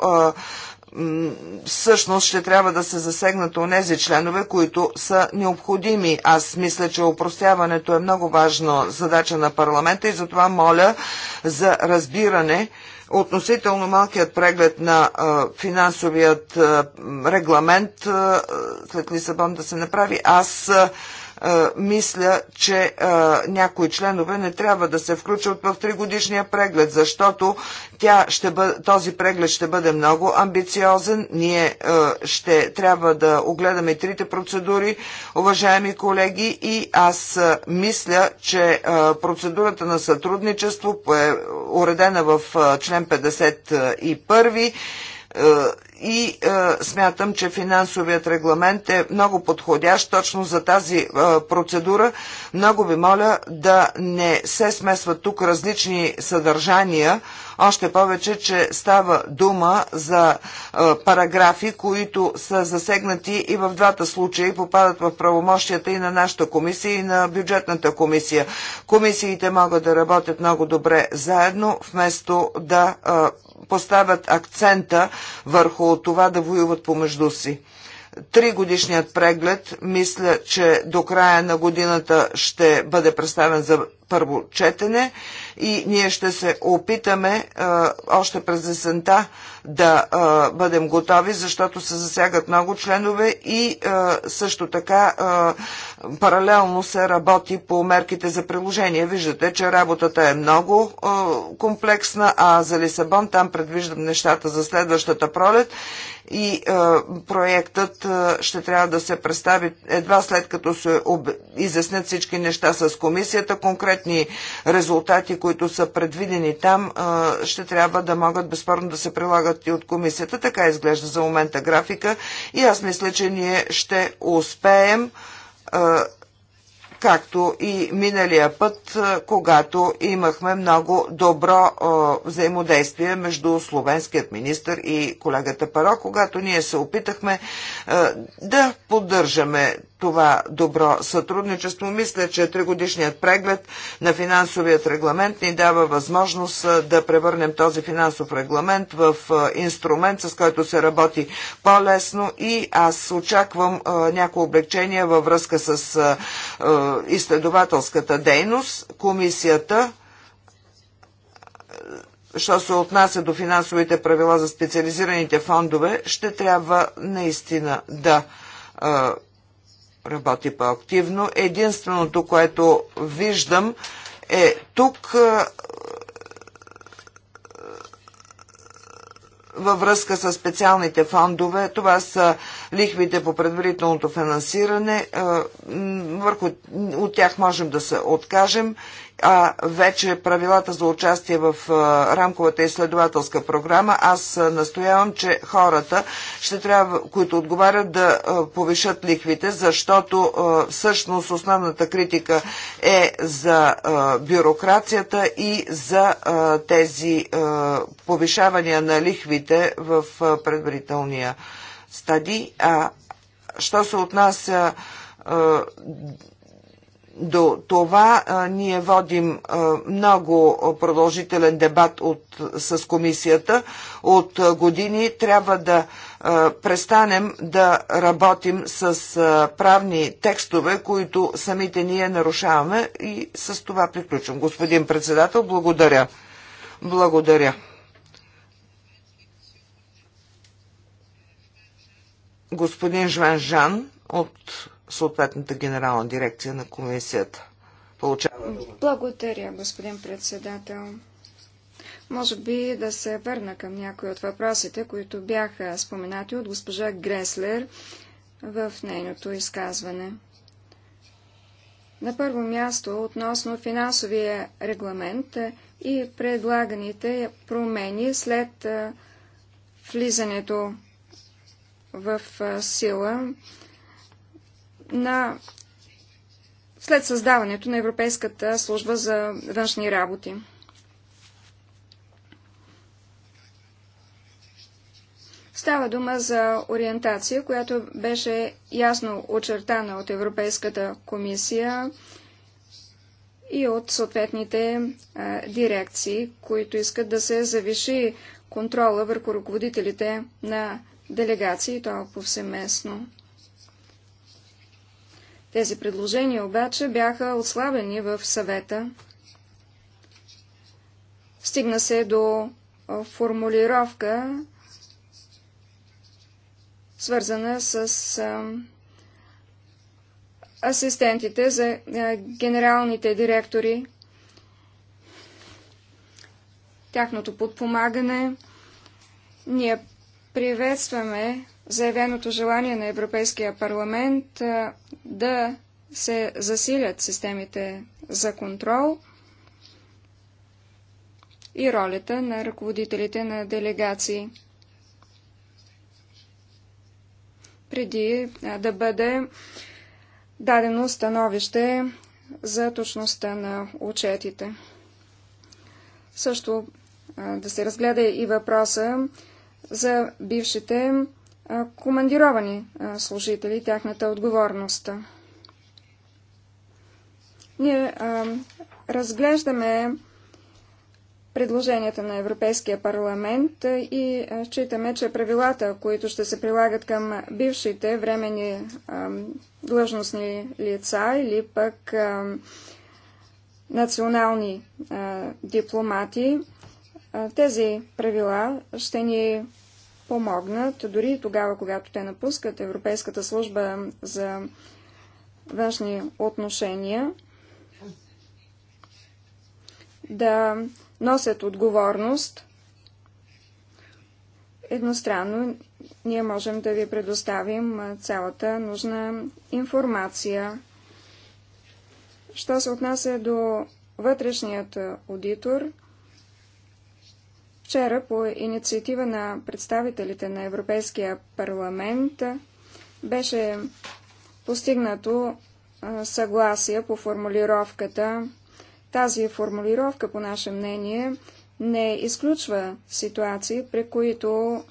всъщност ще трябва да се засегнат онези членове, които са необходими. Аз мисля, че упростяването е много важна задача на парламента и затова моля за разбиране относително малкият преглед на а, финансовият а, регламент а, след Лисабон да се направи. Аз а, е, мисля, че е, някои членове не трябва да се включват в тригодишния преглед, защото тя ще бъ... този преглед ще бъде много амбициозен. Ние е, ще трябва да огледаме трите процедури, уважаеми колеги, и аз мисля, че процедурата на сътрудничество е уредена в член 51 е, и е, смятам, че финансовият регламент е много подходящ точно за тази е, процедура. Много ви моля да не се смесват тук различни съдържания, още повече, че става дума за параграфи, които са засегнати и в двата случая попадат в правомощията и на нашата комисия и на бюджетната комисия. Комисиите могат да работят много добре заедно, вместо да поставят акцента върху това да воюват помежду си. годишният преглед, мисля, че до края на годината ще бъде представен за първо четене и ние ще се опитаме а, още през десента да а, бъдем готови, защото се засягат много членове и а, също така а, паралелно се работи по мерките за приложение. Виждате, че работата е много а, комплексна, а за Лисабон там предвиждам нещата за следващата пролет и а, проектът а, ще трябва да се представи едва след като се об... изяснят всички неща с комисията. Конкретни резултати, които са предвидени там, а, ще трябва да могат безспорно да се прилагат поискат и от комисията. Така изглежда за момента графика и аз мисля, че ние ще успеем както и миналия път, когато имахме много добро взаимодействие между словенският министр и колегата Паро, когато ние се опитахме да поддържаме това добро сътрудничество. Мисля, че тригодишният преглед на финансовият регламент ни дава възможност да превърнем този финансов регламент в инструмент, с който се работи по-лесно и аз очаквам някои облегчения във връзка с изследователската дейност, комисията, що се отнася до финансовите правила за специализираните фондове, ще трябва наистина да работи по-активно. Единственото, което виждам е тук във връзка с специалните фондове. Това са лихвите по предварителното финансиране, е, върху, от тях можем да се откажем, а вече правилата за участие в е, рамковата изследователска програма, аз е, настоявам, че хората, ще трябва, които отговарят да повишат лихвите, защото всъщност основната критика е за бюрокрацията и за тези повишавания на лихвите в предварителния Стади, А що се отнася до това а, ние водим а, много продължителен дебат от, с комисията. От а, години трябва да а, престанем да работим с а, правни текстове, които самите ние нарушаваме и с това приключвам. Господин председател, благодаря. Благодаря. господин Жван Жан от съответната генерална дирекция на комисията. Получава Благодаря, господин председател. Може би да се върна към някои от въпросите, които бяха споменати от госпожа Греслер в нейното изказване. На първо място относно финансовия регламент и предлаганите промени след влизането в сила на след създаването на Европейската служба за външни работи. Става дума за ориентация, която беше ясно очертана от Европейската комисия и от съответните а, дирекции, които искат да се завиши контрола върху ръководителите на делегации, то повсеместно. Тези предложения обаче бяха отслабени в съвета. Стигна се до формулировка, свързана с асистентите за генералните директори, тяхното подпомагане. Ние Приветстваме заявеното желание на Европейския парламент да се засилят системите за контрол и ролята на ръководителите на делегации. Преди да бъде дадено становище за точността на отчетите. Също да се разгледа и въпроса за бившите командировани служители, тяхната отговорност. Ние а, разглеждаме предложенията на Европейския парламент и считаме, че правилата, които ще се прилагат към бившите времени а, длъжностни лица или пък а, национални дипломати, тези правила ще ни помогнат дори тогава, когато те напускат Европейската служба за външни отношения, да носят отговорност. Едностранно ние можем да ви предоставим цялата нужна информация. Що се отнася до вътрешният аудитор – Вчера по инициатива на представителите на Европейския парламент беше постигнато съгласие по формулировката. Тази формулировка, по наше мнение, не изключва ситуации, при които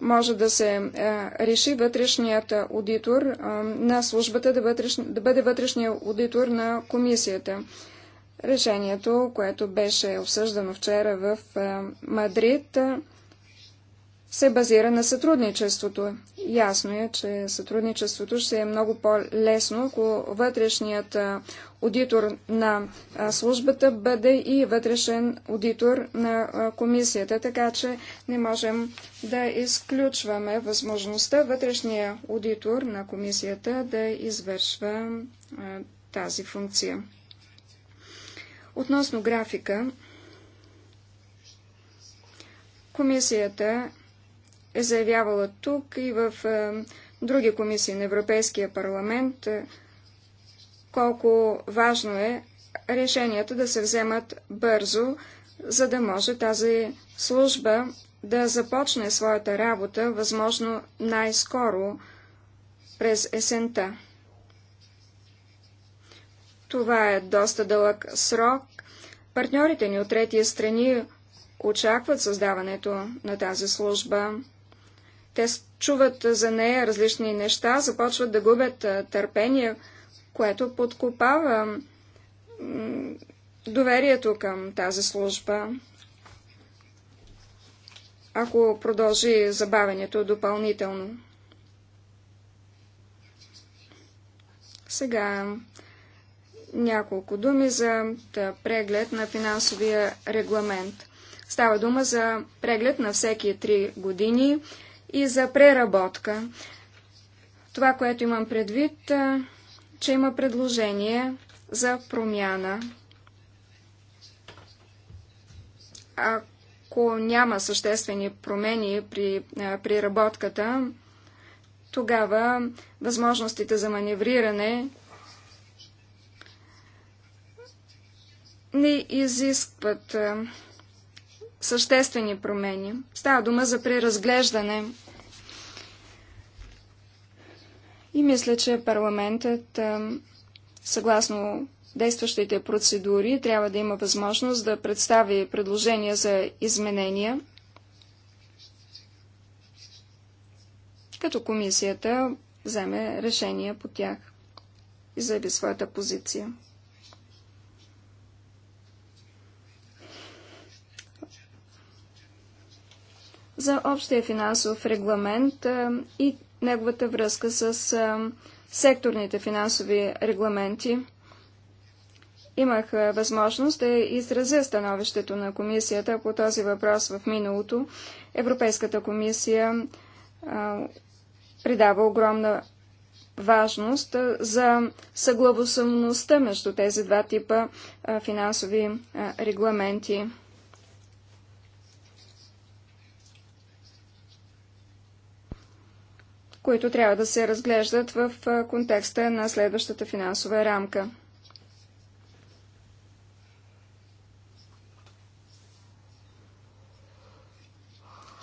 може да се е, реши вътрешният аудитор е, на службата да, вътреш... да бъде вътрешният аудитор на комисията. Решението, което беше обсъждано вчера в е, Мадрид, се базира на сътрудничеството. Ясно е, че сътрудничеството ще е много по-лесно, ако вътрешният аудитор на службата бъде и вътрешен аудитор на комисията, така че не можем да изключваме възможността вътрешния аудитор на комисията да извършва тази функция. Относно графика, комисията е заявявала тук и в е, други комисии на Европейския парламент, е, колко важно е решенията да се вземат бързо, за да може тази служба да започне своята работа, възможно най-скоро през есента. Това е доста дълъг срок. Партньорите ни от третия страни очакват създаването на тази служба. Те чуват за нея различни неща, започват да губят търпение, което подкопава доверието към тази служба. Ако продължи забавянето допълнително. Сега няколко думи за преглед на финансовия регламент. Става дума за преглед на всеки три години и за преработка. Това, което имам предвид, че има предложение за промяна. Ако няма съществени промени при преработката, тогава възможностите за маневриране не изискват съществени промени. Става дума за преразглеждане. И мисля, че парламентът, съгласно действащите процедури, трябва да има възможност да представи предложения за изменения, като комисията вземе решение по тях и заяви своята позиция. за общия финансов регламент и неговата връзка с секторните финансови регламенти. Имах възможност да изразя становището на комисията по този въпрос в миналото. Европейската комисия придава огромна важност за съглавосъмността между тези два типа финансови регламенти. които трябва да се разглеждат в контекста на следващата финансова рамка.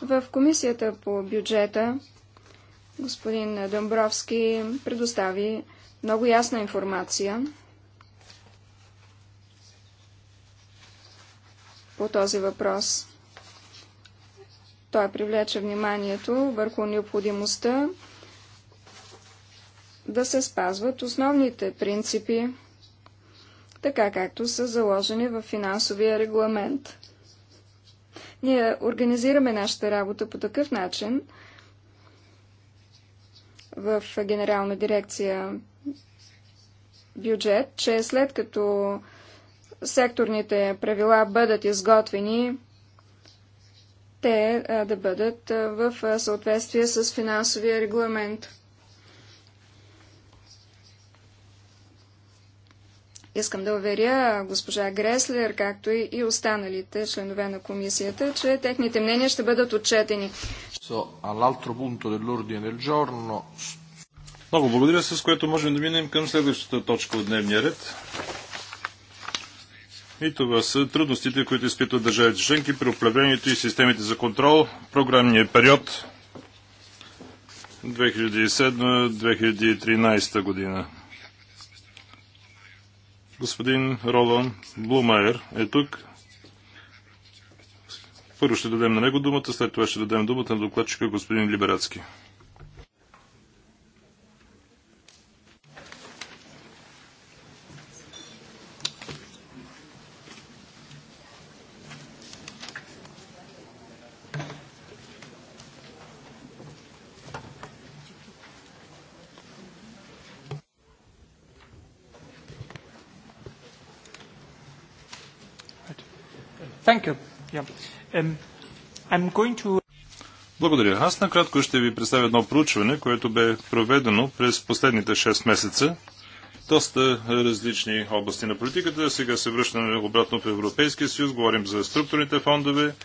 В комисията по бюджета господин Домбровски предостави много ясна информация по този въпрос. Той привлече вниманието върху необходимостта да се спазват основните принципи, така както са заложени в финансовия регламент. Ние организираме нашата работа по такъв начин в Генерална дирекция бюджет, че след като секторните правила бъдат изготвени, те да бъдат в съответствие с финансовия регламент. Искам да уверя госпожа Греслер, както и останалите членове на комисията, че техните мнения ще бъдат отчетени. Много благодаря, с което можем да минем към следващата точка от дневния ред. И това са трудностите, които изпитват държавите членки при управлението и системите за контрол. Програмния период 2007-2013 година. Господин Ролан Блумайер е тук. Първо ще дадем на него думата, след това ще дадем думата на докладчика господин Либерацки. Thank you. Yeah. Um, I'm going to... Благодаря. Аз накратко ще ви представя едно проучване, което бе проведено през последните 6 месеца. Доста различни области на политиката. Сега се връщаме обратно в Европейския съюз. Говорим за структурните фондове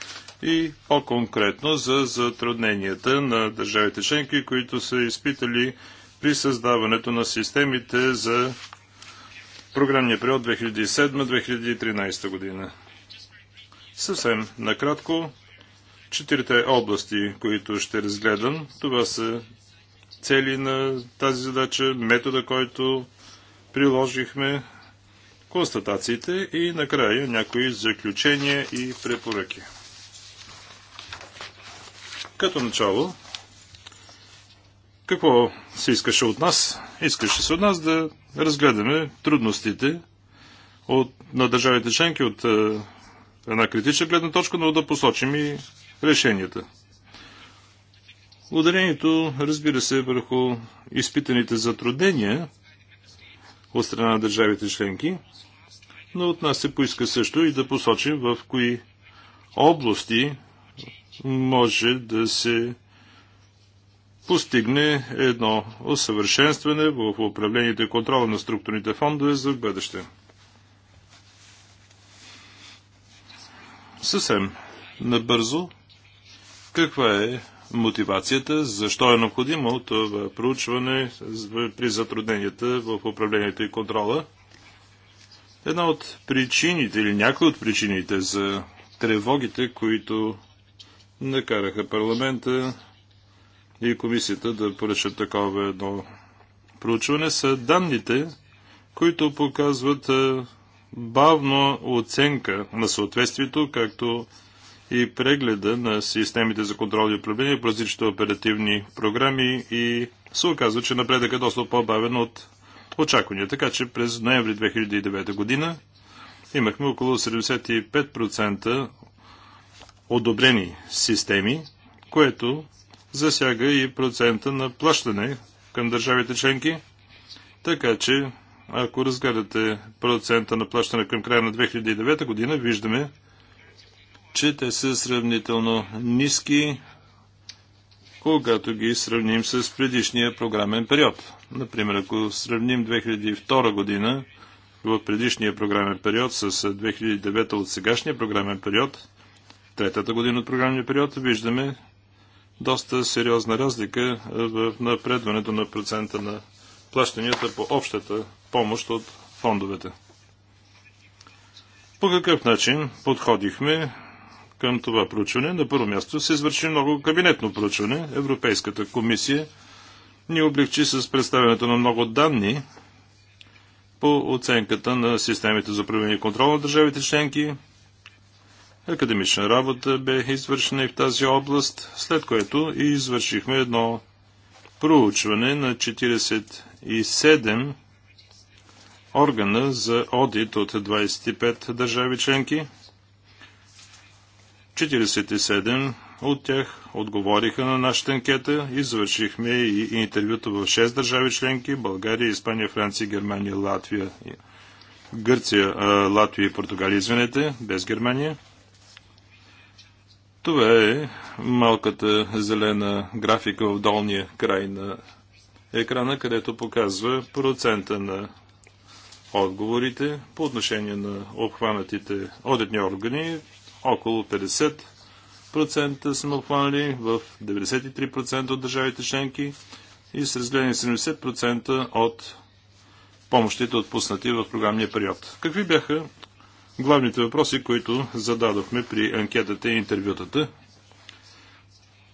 и по-конкретно за затрудненията на държавите членки, които са изпитали при създаването на системите за програмния период 2007-2013 година. Съвсем накратко, четирите области, които ще разгледам, това са цели на тази задача, метода, който приложихме, констатациите и накрая някои заключения и препоръки. Като начало, какво се искаше от нас? Искаше се от нас да разгледаме трудностите от, на държавите членки от е, една критична гледна точка, но да посочим и решенията. Ударението, разбира се, върху изпитаните затруднения от страна на държавите членки, но от нас се поиска също и да посочим в кои области може да се постигне едно усъвършенстване в управлението и контрола на структурните фондове за бъдеще. Съвсем набързо, каква е мотивацията, защо е необходимо това проучване при затрудненията в управлението и контрола? Една от причините или някои от причините за тревогите, които накараха парламента и комисията да поръчат такова едно проучване, са данните, които показват бавно оценка на съответствието, както и прегледа на системите за контрол и управление по различните оперативни програми и се оказва, че напредък е доста по-бавен от очаквания. Така че през ноември 2009 година имахме около 75% одобрени системи, което засяга и процента на плащане към държавите членки, така че ако разгледате процента на плащане към края на 2009 година, виждаме, че те са сравнително ниски, когато ги сравним с предишния програмен период. Например, ако сравним 2002 година в предишния програмен период с 2009 от сегашния програмен период, третата година от програмния период, виждаме доста сериозна разлика в напредването на процента на плащанията по общата помощ от фондовете. По какъв начин подходихме към това проучване? На първо място се извърши много кабинетно проучване. Европейската комисия ни облегчи с представянето на много данни по оценката на системите за управление и контрол на държавите членки. Академична работа бе извършена и в тази област, след което и извършихме едно проучване на 47 органа за одит от 25 държави членки. 47 от тях отговориха на нашата анкета. Извършихме и интервюто в 6 държави членки – България, Испания, Франция, Германия, Латвия, Гърция, Латвия и Португалия, извинете, без Германия – това е малката зелена графика в долния край на екрана, където показва процента на отговорите по отношение на обхванатите одитни органи. Около 50% са обхванали в 93% от държавите членки и с разгледани 70% от помощите отпуснати в програмния период. Какви бяха главните въпроси, които зададохме при анкетата и интервютата.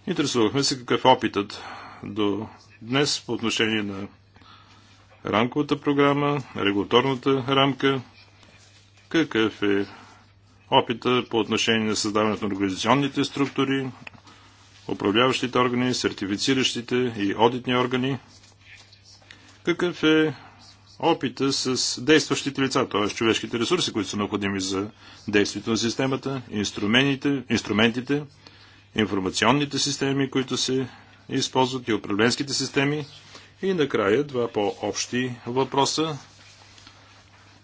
Интересувахме се какъв е опитът до днес по отношение на рамковата програма, регулаторната рамка, какъв е опита по отношение на създаването на организационните структури, управляващите органи, сертифициращите и одитни органи, какъв е опита с действащите лица, т.е. човешките ресурси, които са необходими за действието на системата, инструментите, инструментите, информационните системи, които се използват и управленските системи. И накрая два по-общи въпроса.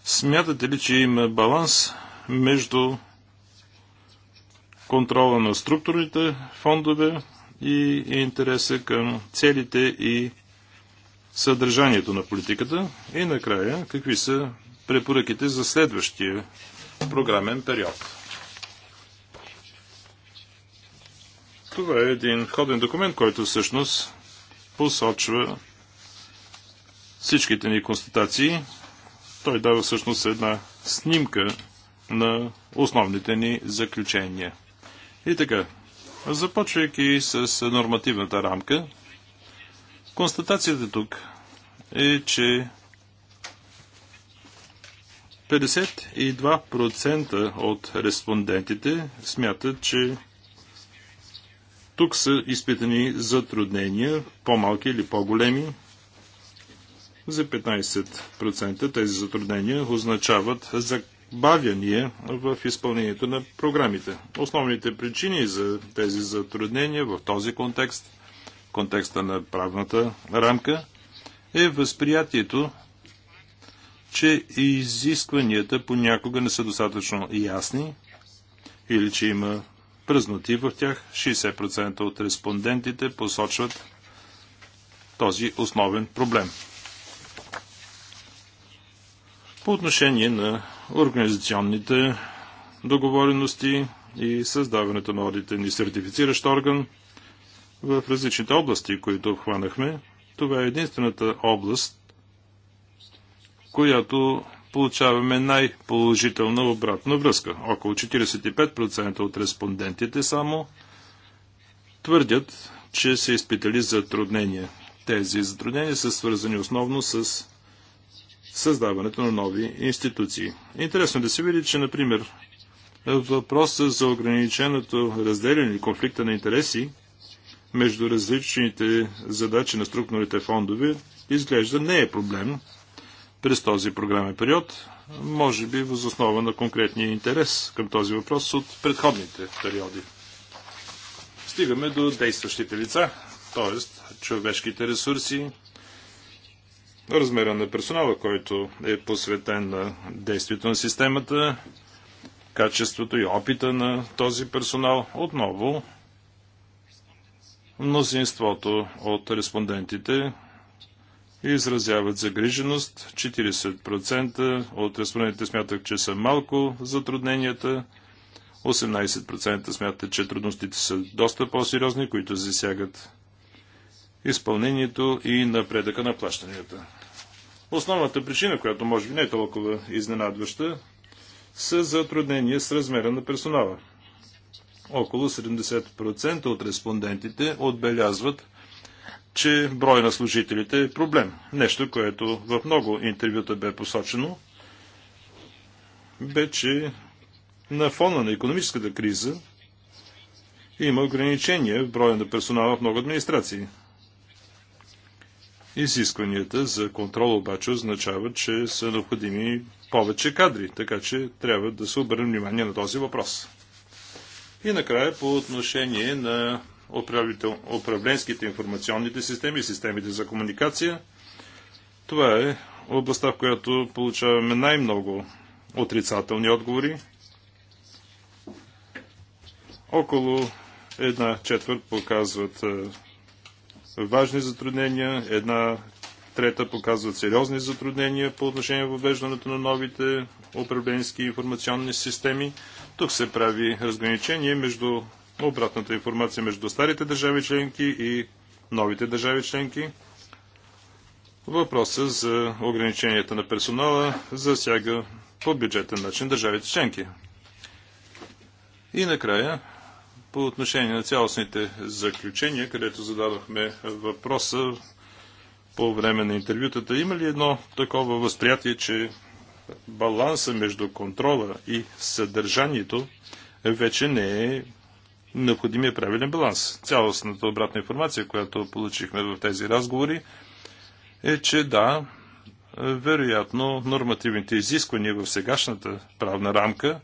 Смятате ли, че има баланс между контрола на структурните фондове и интереса към целите и съдържанието на политиката и накрая какви са препоръките за следващия програмен период. Това е един ходен документ, който всъщност посочва всичките ни констатации. Той дава всъщност една снимка на основните ни заключения. И така, започвайки с нормативната рамка, Констатацията тук е, че 52% от респондентите смятат, че тук са изпитани затруднения, по-малки или по-големи. За 15% тези затруднения означават забавяния в изпълнението на програмите. Основните причини за тези затруднения в този контекст контекста на правната рамка, е възприятието, че изискванията понякога не са достатъчно ясни или че има празноти в тях. 60% от респондентите посочват този основен проблем. По отношение на организационните договорености и създаването на одитен и сертифициращ орган – в различните области, които обхванахме. Това е единствената област, която получаваме най-положителна обратна връзка. Около 45% от респондентите само твърдят, че са изпитали затруднения. Тези затруднения са свързани основно с създаването на нови институции. Интересно е да се види, че, например, въпроса за ограниченото разделение или конфликта на интереси – между различните задачи на структурните фондове изглежда не е проблем през този програмен период, може би възоснова на конкретния интерес към този въпрос от предходните периоди. Стигаме до действащите лица, т.е. човешките ресурси, размера на персонала, който е посветен на действието на системата, качеството и опита на този персонал. Отново Мнозинството от респондентите изразяват загриженост. 40% от респондентите смятат, че са малко затрудненията. 18% смятат, че трудностите са доста по-сериозни, които засягат изпълнението и напредъка на плащанията. Основната причина, която може би не е толкова изненадваща, са затруднения с размера на персонала. Около 70% от респондентите отбелязват, че брой на служителите е проблем. Нещо, което в много интервюта бе посочено, бе, че на фона на економическата криза има ограничения в броя на персонала в много администрации. Изискванията за контрол обаче означават, че са необходими повече кадри, така че трябва да се обърне внимание на този въпрос. И накрая по отношение на управленските информационните системи системите за комуникация. Това е областта, в която получаваме най-много отрицателни отговори. Около една четвърт показват е, важни затруднения, една трета показват сериозни затруднения по отношение на въвеждането на новите управленски информационни системи. Тук се прави разграничение между обратната информация между старите държави членки и новите държави членки. Въпроса за ограниченията на персонала засяга по бюджетен начин държавите членки. И накрая, по отношение на цялостните заключения, където зададохме въпроса по време на интервютата, има ли едно такова възприятие, че баланса между контрола и съдържанието вече не е необходимия правилен баланс. Цялостната обратна информация, която получихме в тези разговори, е, че да, вероятно нормативните изисквания в сегашната правна рамка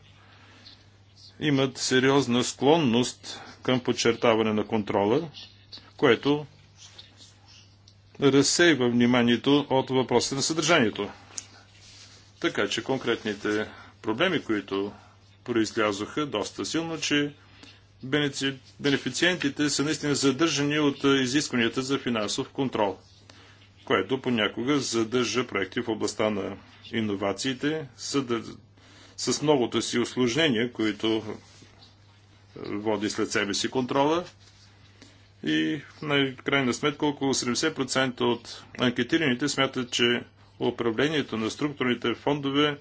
имат сериозна склонност към подчертаване на контрола, което разсейва вниманието от въпросите на съдържанието. Така че конкретните проблеми, които произлязоха доста силно, че бенефициентите са наистина задържани от изискванията за финансов контрол, което понякога задържа проекти в областта на иновациите с многото си осложнения, които води след себе си контрола. И на крайна сметка около 70% от анкетираните смятат, че управлението на структурните фондове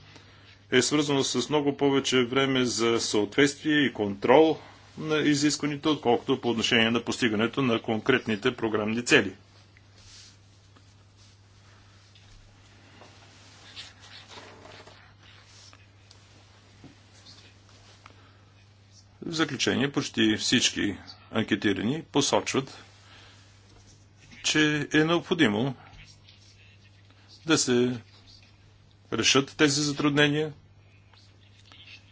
е свързано с много повече време за съответствие и контрол на изискваните, отколкото по отношение на постигането на конкретните програмни цели. В заключение, почти всички анкетирани посочват, че е необходимо да се решат тези затруднения,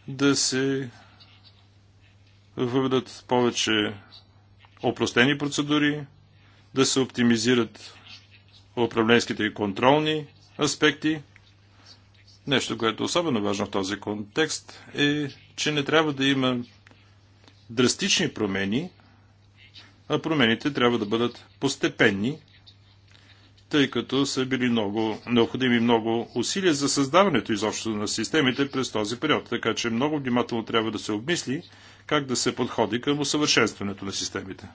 да се въведат повече опростени процедури, да се оптимизират управленските и контролни аспекти. Нещо, което е особено важно в този контекст е, че не трябва да има драстични промени, а промените трябва да бъдат постепенни тъй като са били много, необходими много усилия за създаването изобщо на системите през този период. Така че много внимателно трябва да се обмисли как да се подходи към усъвършенстването на системите.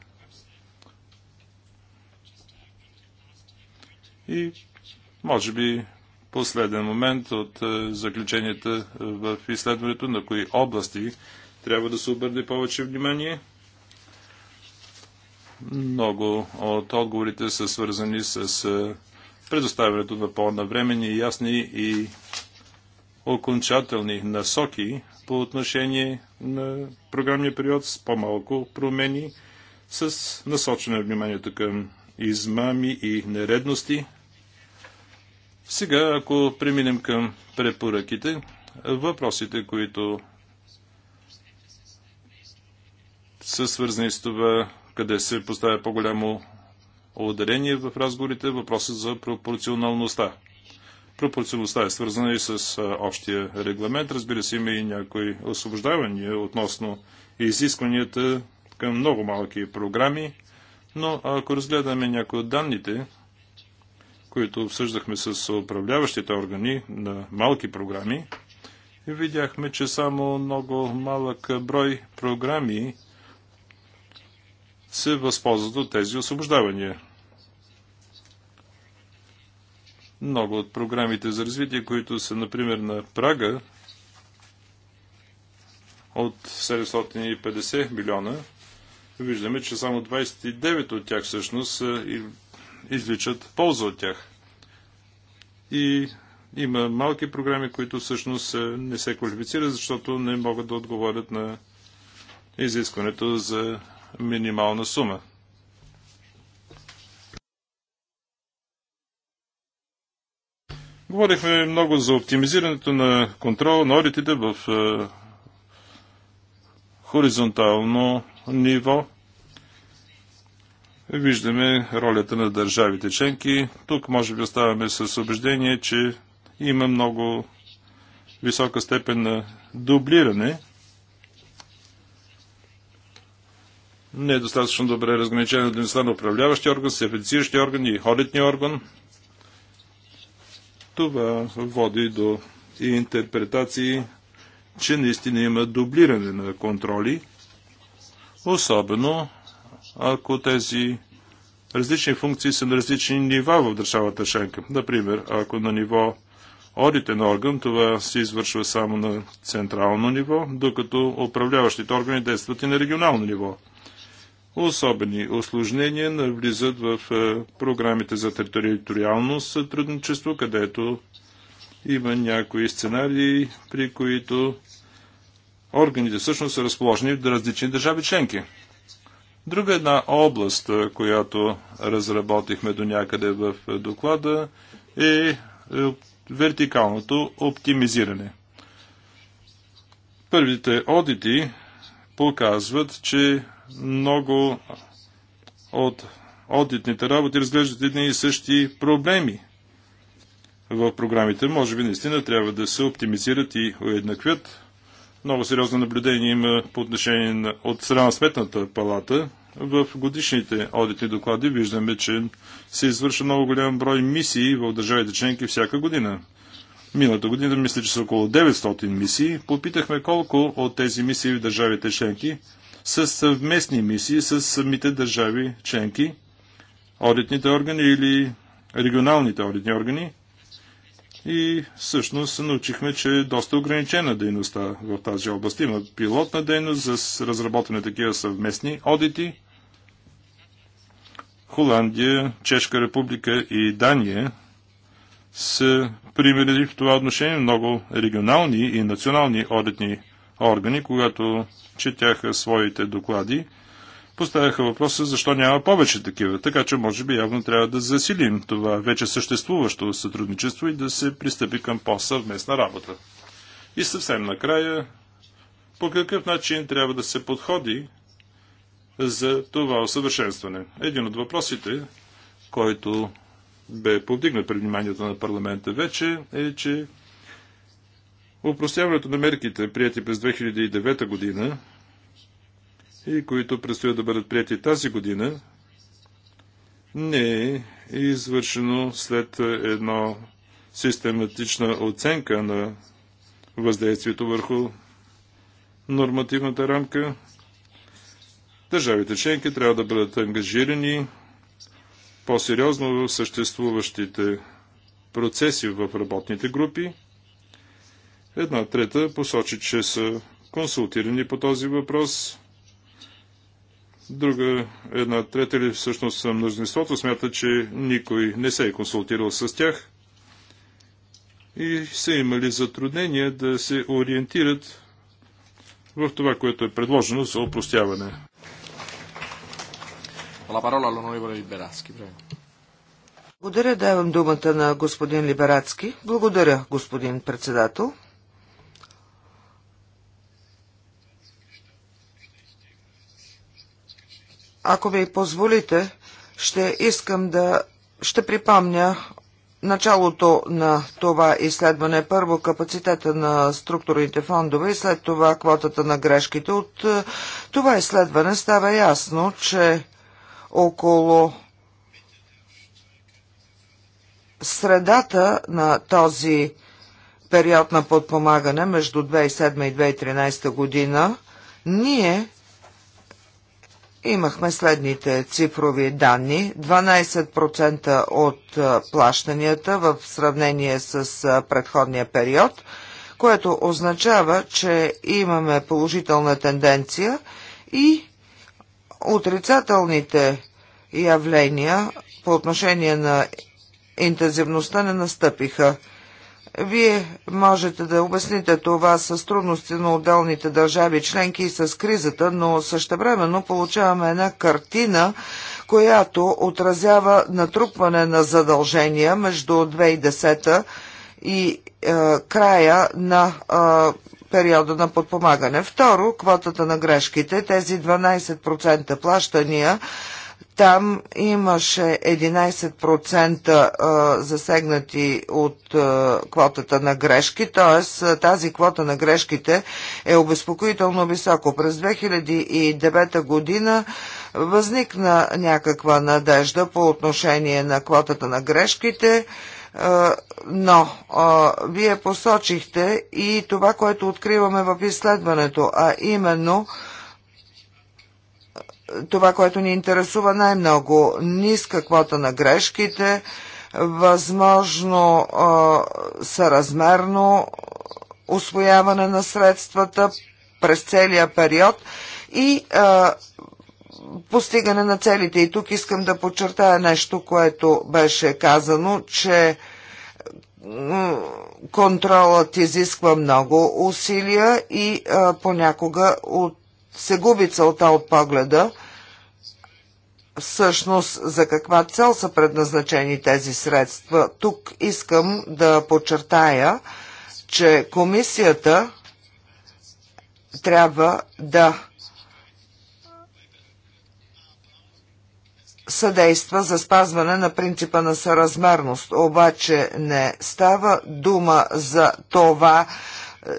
И може би последен момент от е, заключенията в изследването на кои области трябва да се обърне повече внимание – много от отговорите са свързани с е, предоставянето на по-навремени, ясни и окончателни насоки по отношение на програмния период с по-малко промени, с насочване на вниманието към измами и нередности. Сега, ако преминем към препоръките, въпросите, които са свързани с това къде се поставя по-голямо ударение в разговорите, въпросът за пропорционалността. Пропорционалността е свързана и с общия регламент. Разбира се, има и някои освобождавания относно изискванията към много малки програми, но ако разгледаме някои от данните, които обсъждахме с управляващите органи на малки програми, видяхме, че само много малък брой програми се възползват от тези освобождавания. Много от програмите за развитие, които са, например, на Прага, от 750 милиона, виждаме, че само 29 от тях всъщност извличат полза от тях. И има малки програми, които всъщност не се квалифицират, защото не могат да отговорят на изискването за минимална сума. Говорихме много за оптимизирането на контрол на одитите в е, хоризонтално ниво. Виждаме ролята на държавите членки. Тук може би оставаме с убеждение, че има много висока степен на дублиране не е достатъчно добре разграничена дейността на управляващия орган, сертифициращия орган и ходитния орган. Това води до интерпретации, че наистина има дублиране на контроли, особено ако тези различни функции са на различни нива в държавата Шенка. Например, ако на ниво одитен орган това се извършва само на централно ниво, докато управляващите органи действат и на регионално ниво особени осложнения навлизат в е, програмите за териториално сътрудничество, където има някои сценарии, при които органите всъщност са разположени в различни държави членки. Друга една област, е, която разработихме до някъде в е, доклада, е вертикалното оптимизиране. Първите одити показват, че много от одитните работи разглеждат едни и същи проблеми в програмите. Може би наистина трябва да се оптимизират и уеднаквят. Много сериозно наблюдение има по отношение на, от страна сметната палата. В годишните одитни доклади виждаме, че се извършва много голям брой мисии в държавите членки всяка година. Миналата година мисля, че са около 900 мисии. Попитахме колко от тези мисии в държавите членки с съвместни мисии с самите държави членки, одитните органи или регионалните одитни органи. И всъщност научихме, че е доста ограничена дейността в тази област. Има пилотна дейност за разработване такива съвместни одити. Холандия, Чешка република и Дания са примери в това отношение много регионални и национални одитни органи органи, когато четяха своите доклади, поставяха въпроса защо няма повече такива. Така че може би явно трябва да засилим това вече съществуващо сътрудничество и да се пристъпи към по-съвместна работа. И съвсем накрая, по какъв начин трябва да се подходи за това усъвършенстване? Един от въпросите, който бе повдигнат пред вниманието на парламента вече, е, че Опростяването на мерките, прияти през 2009 година и които предстоят да бъдат прияти тази година, не е извършено след едно систематична оценка на въздействието върху нормативната рамка. Държавите членки трябва да бъдат ангажирани по-сериозно в съществуващите процеси в работните групи Една трета посочи, че са консултирани по този въпрос. Друга една трета или всъщност мнозинството смята, че никой не се е консултирал с тях и са имали затруднения да се ориентират в това, което е предложено за опростяване. Благодаря, давам думата на господин Либерацки. Благодаря, господин председател. Ако ви позволите, ще искам да ще припомня началото на това изследване. Първо капацитета на структурните фондове и след това квотата на грешките. От е, това изследване става ясно, че около средата на този период на подпомагане между 2007 и 2013 година ние имахме следните цифрови данни. 12% от плащанията в сравнение с предходния период, което означава, че имаме положителна тенденция и отрицателните явления по отношение на интензивността не настъпиха. Вие можете да обясните това с трудности на отделните държави членки и с кризата, но същевременно получаваме една картина, която отразява натрупване на задължения между 2010 и е, края на е, периода на подпомагане. Второ, квотата на грешките, тези 12% плащания там имаше 11% засегнати от квотата на грешки, т.е. тази квота на грешките е обезпокоително високо. През 2009 година възникна някаква надежда по отношение на квотата на грешките но вие посочихте и това, което откриваме в изследването, а именно това, което ни интересува най-много. Ниска квота на грешките, възможно съразмерно освояване на средствата през целия период и постигане на целите. И тук искам да подчертая нещо, което беше казано, че контролът изисква много усилия и а, понякога от се губи целта от погледа, всъщност за каква цел са предназначени тези средства. Тук искам да подчертая, че комисията трябва да съдейства за спазване на принципа на съразмерност. Обаче не става дума за това е,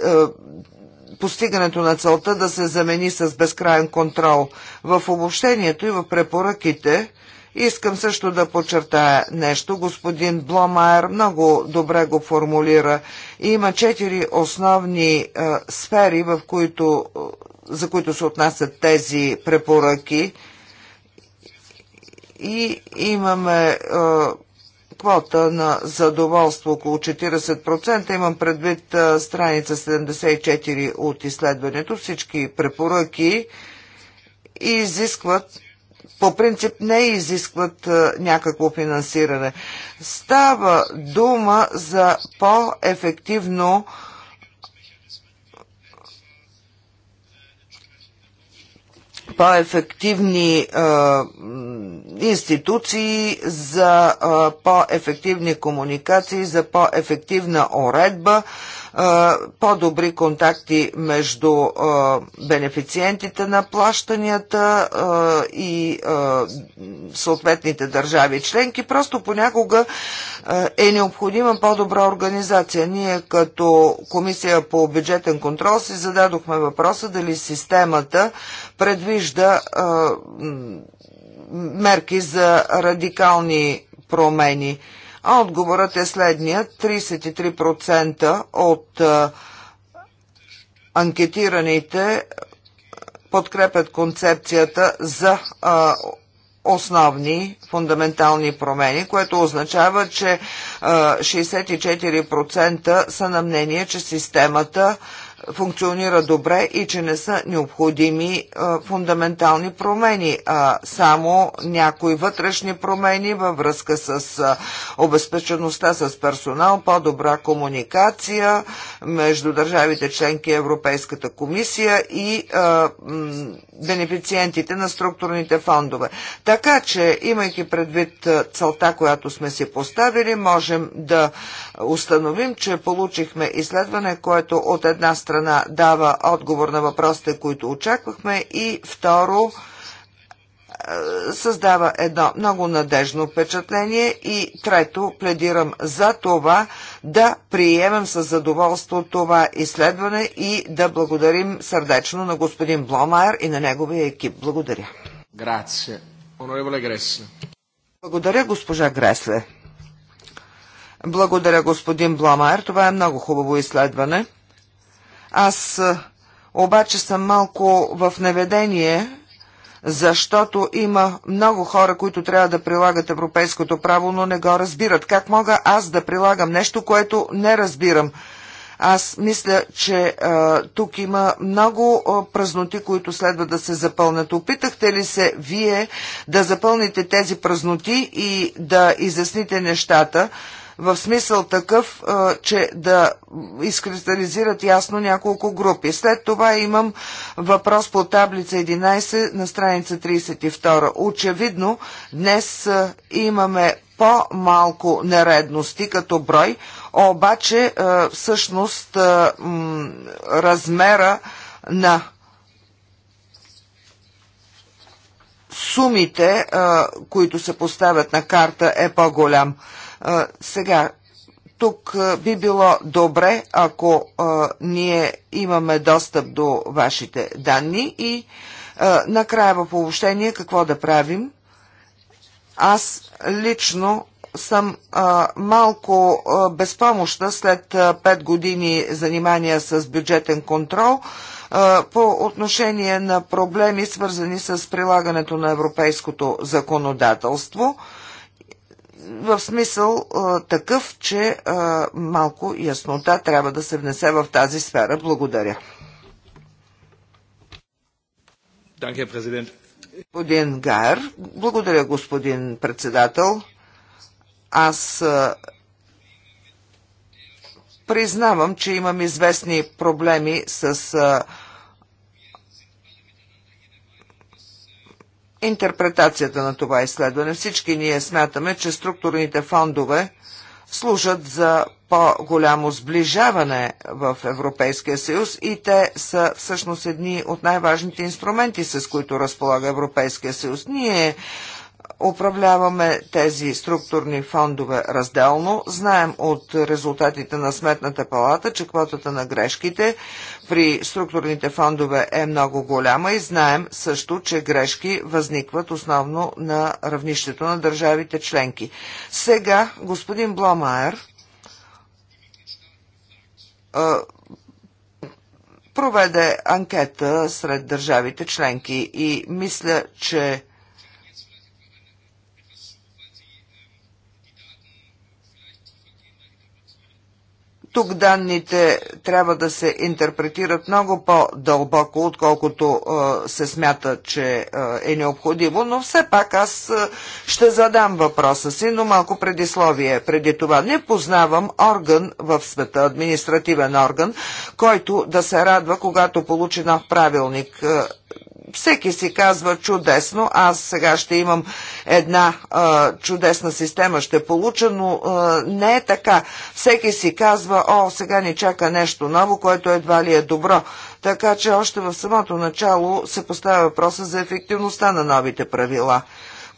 постигането на целта да се замени с безкрайен контрол. В обобщението и в препоръките искам също да подчертая нещо. Господин Бломайер много добре го формулира. Има четири основни е, сфери, в които, е, за които се отнасят тези препоръки. И имаме е, квота на задоволство около 40%. Имам предвид страница 74 от изследването. Всички препоръки изискват по принцип не изискват някакво финансиране. Става дума за по-ефективно по-ефективни институции, за по-ефективни комуникации, за по-ефективна уредба, по-добри контакти между бенефициентите на плащанията и съответните държави членки. Просто понякога е необходима по-добра организация. Ние като Комисия по бюджетен контрол си зададохме въпроса дали системата предвижда мерки за радикални промени. А отговорът е следният. 33% от анкетираните подкрепят концепцията за основни фундаментални промени, което означава, че 64% са на мнение, че системата е функционира добре и че не са необходими е, фундаментални промени, а само някои вътрешни промени във връзка с е, обезпечеността с персонал, по-добра комуникация между държавите членки Европейската комисия и е, бенефициентите на структурните фондове. Така че, имайки предвид целта, която сме си поставили, можем да установим, че получихме изследване, което от една страна страна дава отговор на въпросите, които очаквахме и второ е, създава едно много надежно впечатление и трето пледирам за това да приемем с задоволство това изследване и да благодарим сърдечно на господин Бломайер и на неговия екип. Благодаря. Гресле. Благодаря, госпожа Гресле. Благодаря, господин Бломайер. Това е много хубаво изследване. Аз обаче съм малко в неведение, защото има много хора, които трябва да прилагат европейското право, но не го разбират. Как мога аз да прилагам нещо, което не разбирам? Аз мисля, че а, тук има много а, празноти, които следва да се запълнят. Опитахте ли се вие да запълните тези празноти и да изясните нещата? в смисъл такъв, че да изкристализират ясно няколко групи. След това имам въпрос по таблица 11 на страница 32. Очевидно, днес имаме по-малко нередности като брой, обаче всъщност размера на сумите, които се поставят на карта, е по-голям. Сега, тук би било добре, ако а, ние имаме достъп до вашите данни и а, накрая в обобщение какво да правим. Аз лично съм а, малко а, безпомощна след а, 5 години занимания с бюджетен контрол а, по отношение на проблеми, свързани с прилагането на европейското законодателство – в смисъл а, такъв, че а, малко яснота трябва да се внесе в тази сфера. Благодаря. президент. Господин Гайер, благодаря, господин председател. Аз а, признавам, че имам известни проблеми с а, интерпретацията на това изследване. Всички ние смятаме, че структурните фондове служат за по-голямо сближаване в Европейския съюз и те са всъщност едни от най-важните инструменти, с които разполага Европейския съюз. Ние управляваме тези структурни фондове разделно. Знаем от резултатите на Сметната палата, че квотата на грешките при структурните фондове е много голяма и знаем също, че грешки възникват основно на равнището на държавите членки. Сега господин Бломайер проведе анкета сред държавите членки и мисля, че Тук данните трябва да се интерпретират много по-дълбоко, отколкото се смята, че е необходимо, но все пак аз ще задам въпроса си, но малко предисловие преди това. Не познавам орган в света, административен орган, който да се радва, когато получи нов правилник всеки си казва чудесно, аз сега ще имам една а, чудесна система, ще получа, но а, не е така. Всеки си казва, о, сега ни чака нещо ново, което едва ли е добро. Така че още в самото начало се поставя въпроса за ефективността на новите правила,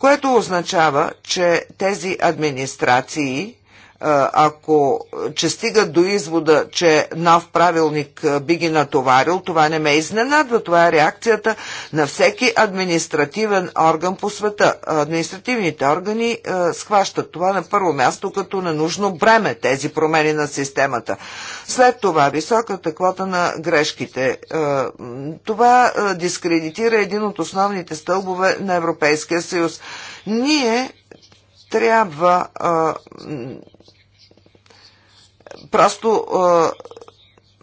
което означава, че тези администрации, ако че стигат до извода, че нов правилник би ги натоварил, това не ме изненадва. Това е реакцията на всеки административен орган по света. Административните органи схващат това на първо място като ненужно бреме, тези промени на системата. След това високата квота на грешките. това дискредитира един от основните стълбове на Европейския съюз. Ние трябва а, просто а,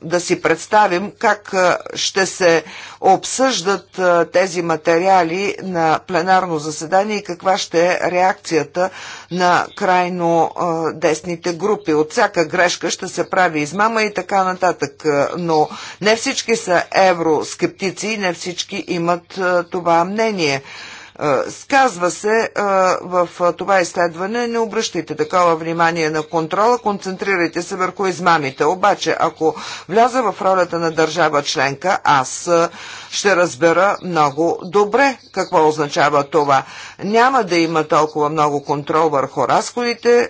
да си представим как а, ще се обсъждат а, тези материали на пленарно заседание и каква ще е реакцията на крайно а, десните групи. От всяка грешка ще се прави измама и така нататък. Но не всички са евроскептици и не всички имат а, това мнение. А, Сказва се в това изследване, не обръщайте такова внимание на контрола, концентрирайте се върху измамите. Обаче, ако вляза в ролята на държава членка, аз ще разбера много добре какво означава това. Няма да има толкова много контрол върху разходите.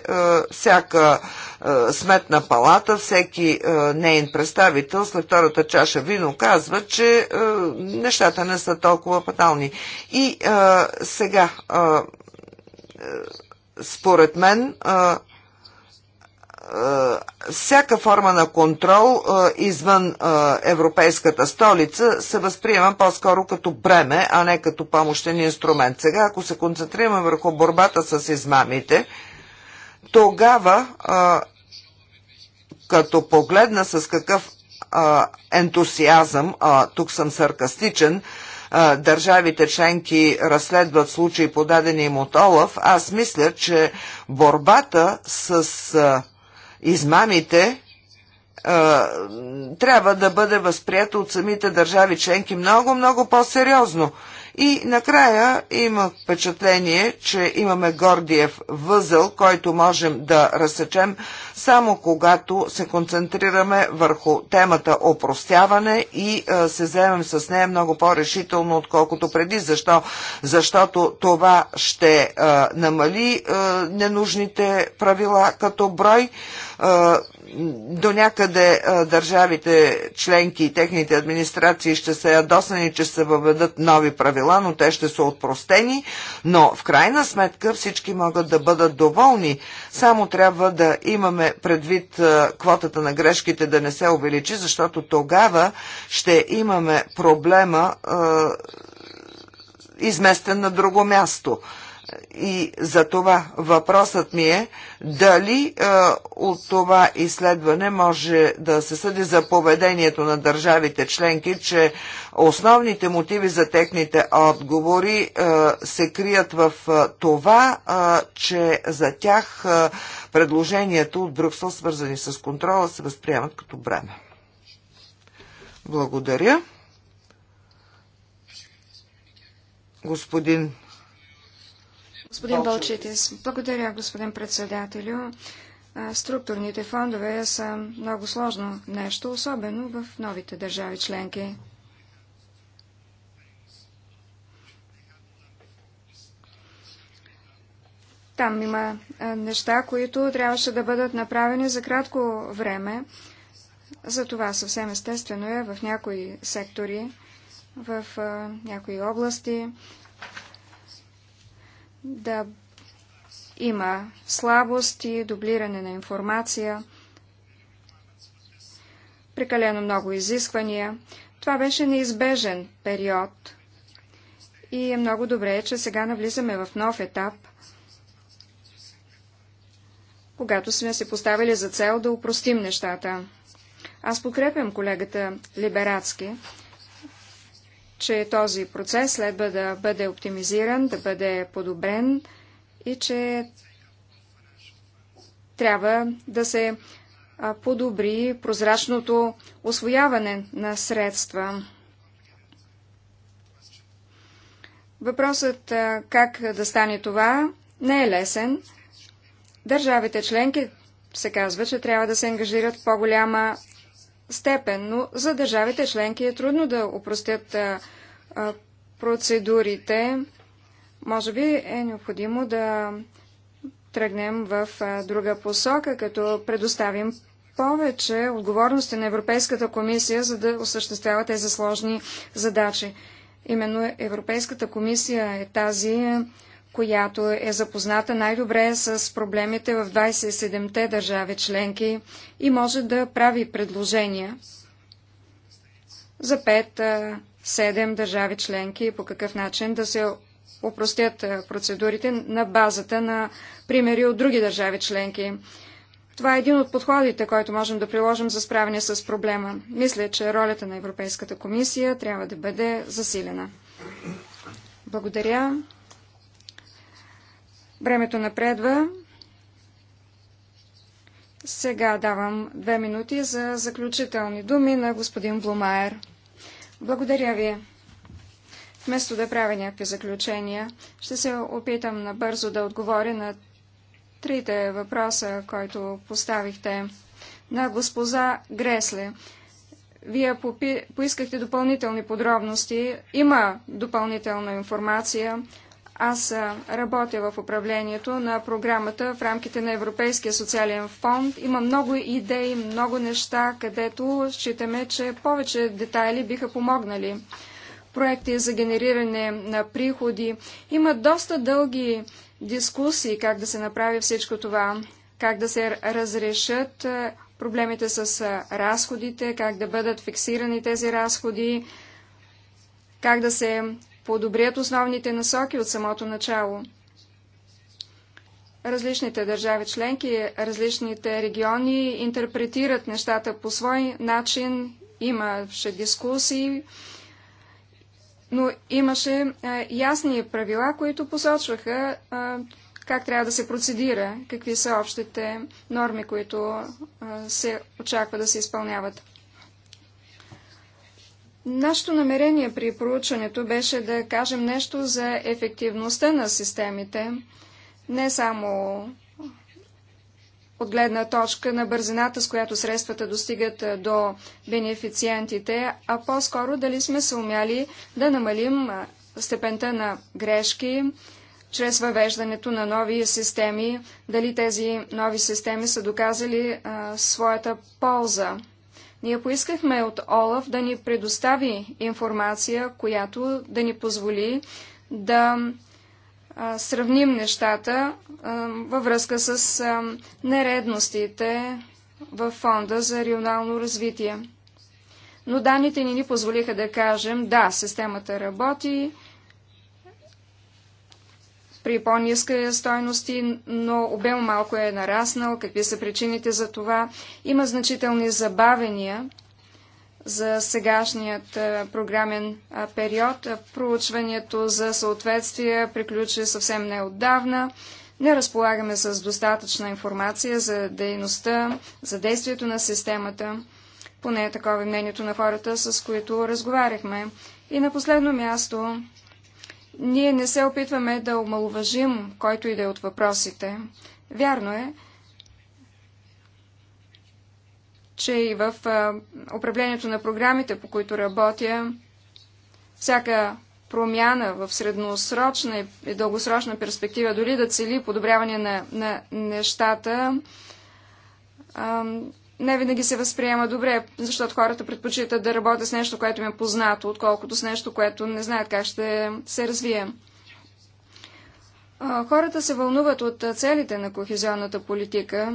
Всяка е, сметна палата, всеки е, нейн представител след втората чаша вино казва, че е, нещата не са толкова патални. И сега, според мен, всяка форма на контрол извън европейската столица се възприема по-скоро като бреме, а не като помощен инструмент. Сега, ако се концентрираме върху борбата с измамите, тогава, а, като погледна с какъв а, ентусиазъм, а, тук съм саркастичен, а, държавите членки разследват случаи подадени им от Олаф, аз мисля, че борбата с а, измамите а, трябва да бъде възприята от самите държави членки много, много по-сериозно. И накрая има впечатление, че имаме Гордиев възел, който можем да разсечем само когато се концентрираме върху темата опростяване и е, се вземем с нея много по-решително, отколкото преди. Защо? Защото това ще е, намали е, ненужните правила като брой до някъде държавите членки и техните администрации ще са ядосани, че се въведат нови правила, но те ще са отпростени, но в крайна сметка всички могат да бъдат доволни. Само трябва да имаме предвид квотата на грешките да не се увеличи, защото тогава ще имаме проблема е, изместен на друго място. И за това въпросът ми е дали е, от това изследване може да се съди за поведението на държавите членки, че основните мотиви за техните отговори е, се крият в е, това, е, че за тях е, предложението от Брюксел, свързани с контрола, се възприемат като бреме. Благодаря. Господин Господин Балчитис, благодаря, господин председателю. Структурните фондове са много сложно нещо, особено в новите държави членки. Там има неща, които трябваше да бъдат направени за кратко време. За това съвсем естествено е в някои сектори, в някои области да има слабости, дублиране на информация, прекалено много изисквания. Това беше неизбежен период и е много добре, че сега навлизаме в нов етап, когато сме се поставили за цел да упростим нещата. Аз подкрепям колегата Либерацки, че този процес следва да бъде оптимизиран, да бъде подобрен и че трябва да се подобри прозрачното освояване на средства. Въпросът как да стане това не е лесен. Държавите членки се казва, че трябва да се ангажират в по-голяма степен, но за държавите членки е трудно да упростят процедурите. Може би е необходимо да тръгнем в друга посока, като предоставим повече отговорности на Европейската комисия, за да осъществява тези сложни задачи. Именно Европейската комисия е тази, която е запозната най-добре с проблемите в 27-те държави членки и може да прави предложения за 5-7 държави членки по какъв начин да се упростят процедурите на базата на примери от други държави членки. Това е един от подходите, който можем да приложим за справяне с проблема. Мисля, че ролята на Европейската комисия трябва да бъде засилена. Благодаря. Времето напредва. Сега давам две минути за заключителни думи на господин Блумайер. Благодаря ви. Вместо да правя някакви заключения, ще се опитам набързо да отговоря на трите въпроса, които поставихте на госпоза Гресле. Вие попи... поискахте допълнителни подробности. Има допълнителна информация. Аз работя в управлението на програмата в рамките на Европейския социален фонд. Има много идеи, много неща, където считаме, че повече детайли биха помогнали. Проекти за генериране на приходи. Има доста дълги дискусии как да се направи всичко това, как да се разрешат проблемите с разходите, как да бъдат фиксирани тези разходи, как да се подобрят основните насоки от самото начало. Различните държави членки, различните региони интерпретират нещата по свой начин. Имаше дискусии, но имаше а, ясни правила, които посочваха а, как трябва да се процедира, какви са общите норми, които а, се очаква да се изпълняват. Нашето намерение при проучването беше да кажем нещо за ефективността на системите, не само от гледна точка на бързината, с която средствата достигат до бенефициентите, а по-скоро дали сме се умяли да намалим степента на грешки чрез въвеждането на нови системи, дали тези нови системи са доказали а, своята полза. Ние поискахме от Олаф да ни предостави информация, която да ни позволи да сравним нещата във връзка с нередностите в Фонда за регионално развитие. Но данните ни ни позволиха да кажем, да, системата работи, при по-низка стойности, но обем малко е нараснал. Какви са причините за това? Има значителни забавения за сегашният програмен период. Проучването за съответствие приключи съвсем неотдавна. Не разполагаме с достатъчна информация за дейността, за действието на системата. Поне такова е мнението на хората, с които разговаряхме. И на последно място ние не се опитваме да омалуважим който и да е от въпросите. Вярно е, че и в управлението на програмите, по които работя, всяка промяна в средносрочна и дългосрочна перспектива, дори да цели подобряване на, на нещата, не винаги се възприема добре, защото хората предпочитат да работят с нещо, което им е познато, отколкото с нещо, което не знаят как ще се развие. Хората се вълнуват от целите на кохезионната политика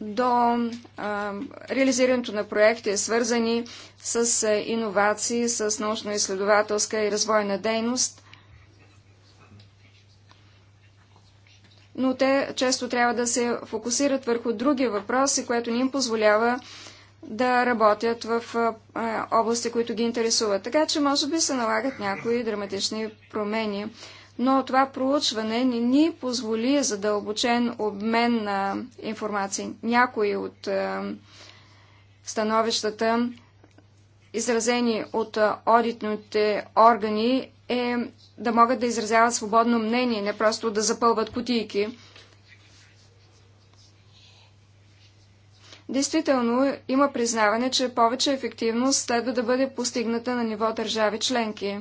до а, реализирането на проекти, свързани с иновации, с научно-изследователска и развойна дейност. но те често трябва да се фокусират върху други въпроси, което ни им позволява да работят в области, които ги интересуват. Така че, може би, се налагат някои драматични промени. Но това проучване не ни позволи задълбочен обмен на информации. Някои от становищата, изразени от одитните органи, е да могат да изразяват свободно мнение, не просто да запълват кутийки. Действително има признаване, че повече ефективност следва да бъде постигната на ниво държави членки.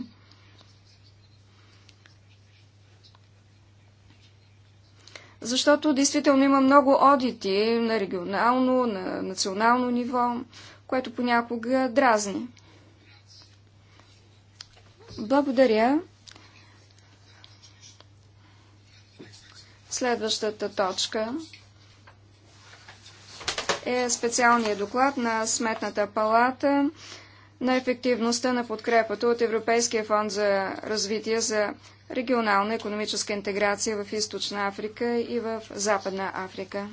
Защото действително има много одити на регионално, на национално ниво, което понякога дразни. Благодаря. Следващата точка е специалният доклад на Сметната палата на ефективността на подкрепата от Европейския фонд за развитие за регионална економическа интеграция в Източна Африка и в Западна Африка.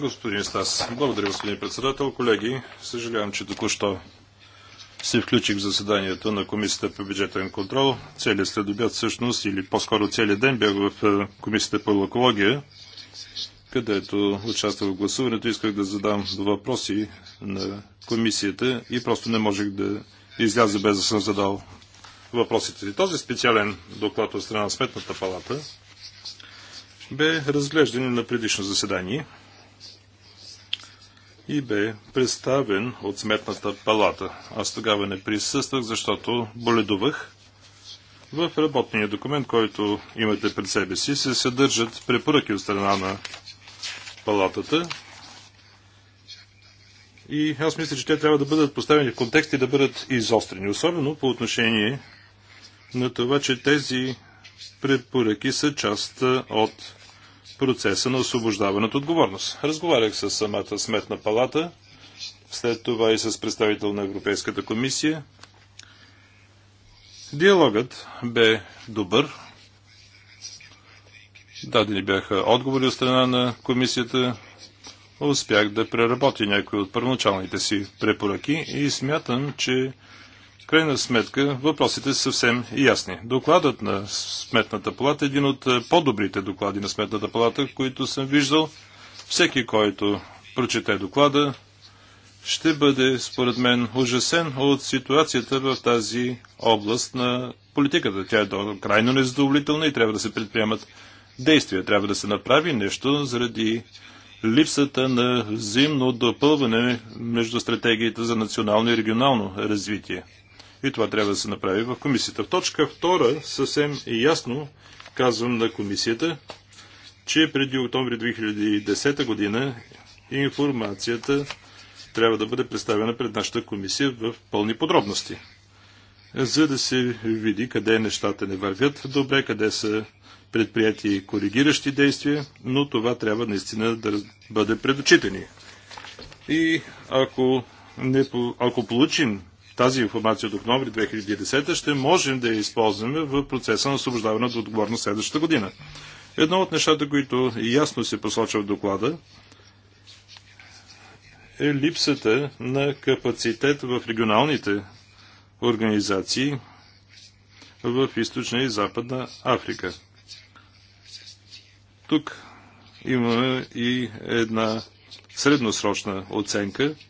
Господин Стас, благодаря, господин председател. Колеги, съжалявам, че току-що се включих в заседанието на Комисията по бюджетен контрол. Целият следобед всъщност, или по-скоро целият ден бях в е, Комисията по екология, където участвах в гласуването. Исках да задам въпроси на комисията и просто не можех да изляза без да съм задал въпросите си. Този специален доклад от страна на Сметната палата бе разглеждан на предишно заседание – и бе представен от Сметната палата. Аз тогава не присъствах, защото боледувах. В работния документ, който имате пред себе си, се съдържат препоръки от страна на палатата. И аз мисля, че те трябва да бъдат поставени в контекст и да бъдат изострени. Особено по отношение на това, че тези препоръки са част от процеса на освобождаване от отговорност. Разговарях с самата сметна палата, след това и с представител на Европейската комисия. Диалогът бе добър. Дадени бяха отговори от страна на комисията. Успях да преработя някои от първоначалните си препоръки и смятам, че крайна сметка въпросите са съвсем ясни. Докладът на Сметната палата е един от е, по-добрите доклади на Сметната палата, които съм виждал. Всеки, който прочете доклада, ще бъде, според мен, ужасен от ситуацията в тази област на политиката. Тя е крайно незадоволителна и трябва да се предприемат действия. Трябва да се направи нещо заради липсата на взаимно допълване между стратегията за национално и регионално развитие. И това трябва да се направи в комисията. В точка 2 съвсем ясно казвам на комисията, че преди октомври 2010 година информацията трябва да бъде представена пред нашата комисия в пълни подробности, за да се види къде нещата не вървят добре, къде са предприяти коригиращи действия, но това трябва наистина да бъде предочитани. И ако, не, ако получим тази информация от октомври 2010 ще можем да я използваме в процеса на освобождаване от отговорност следващата година. Едно от нещата, които ясно се посочва в доклада, е липсата на капацитет в регионалните организации в източна и западна Африка. Тук имаме и една средносрочна оценка –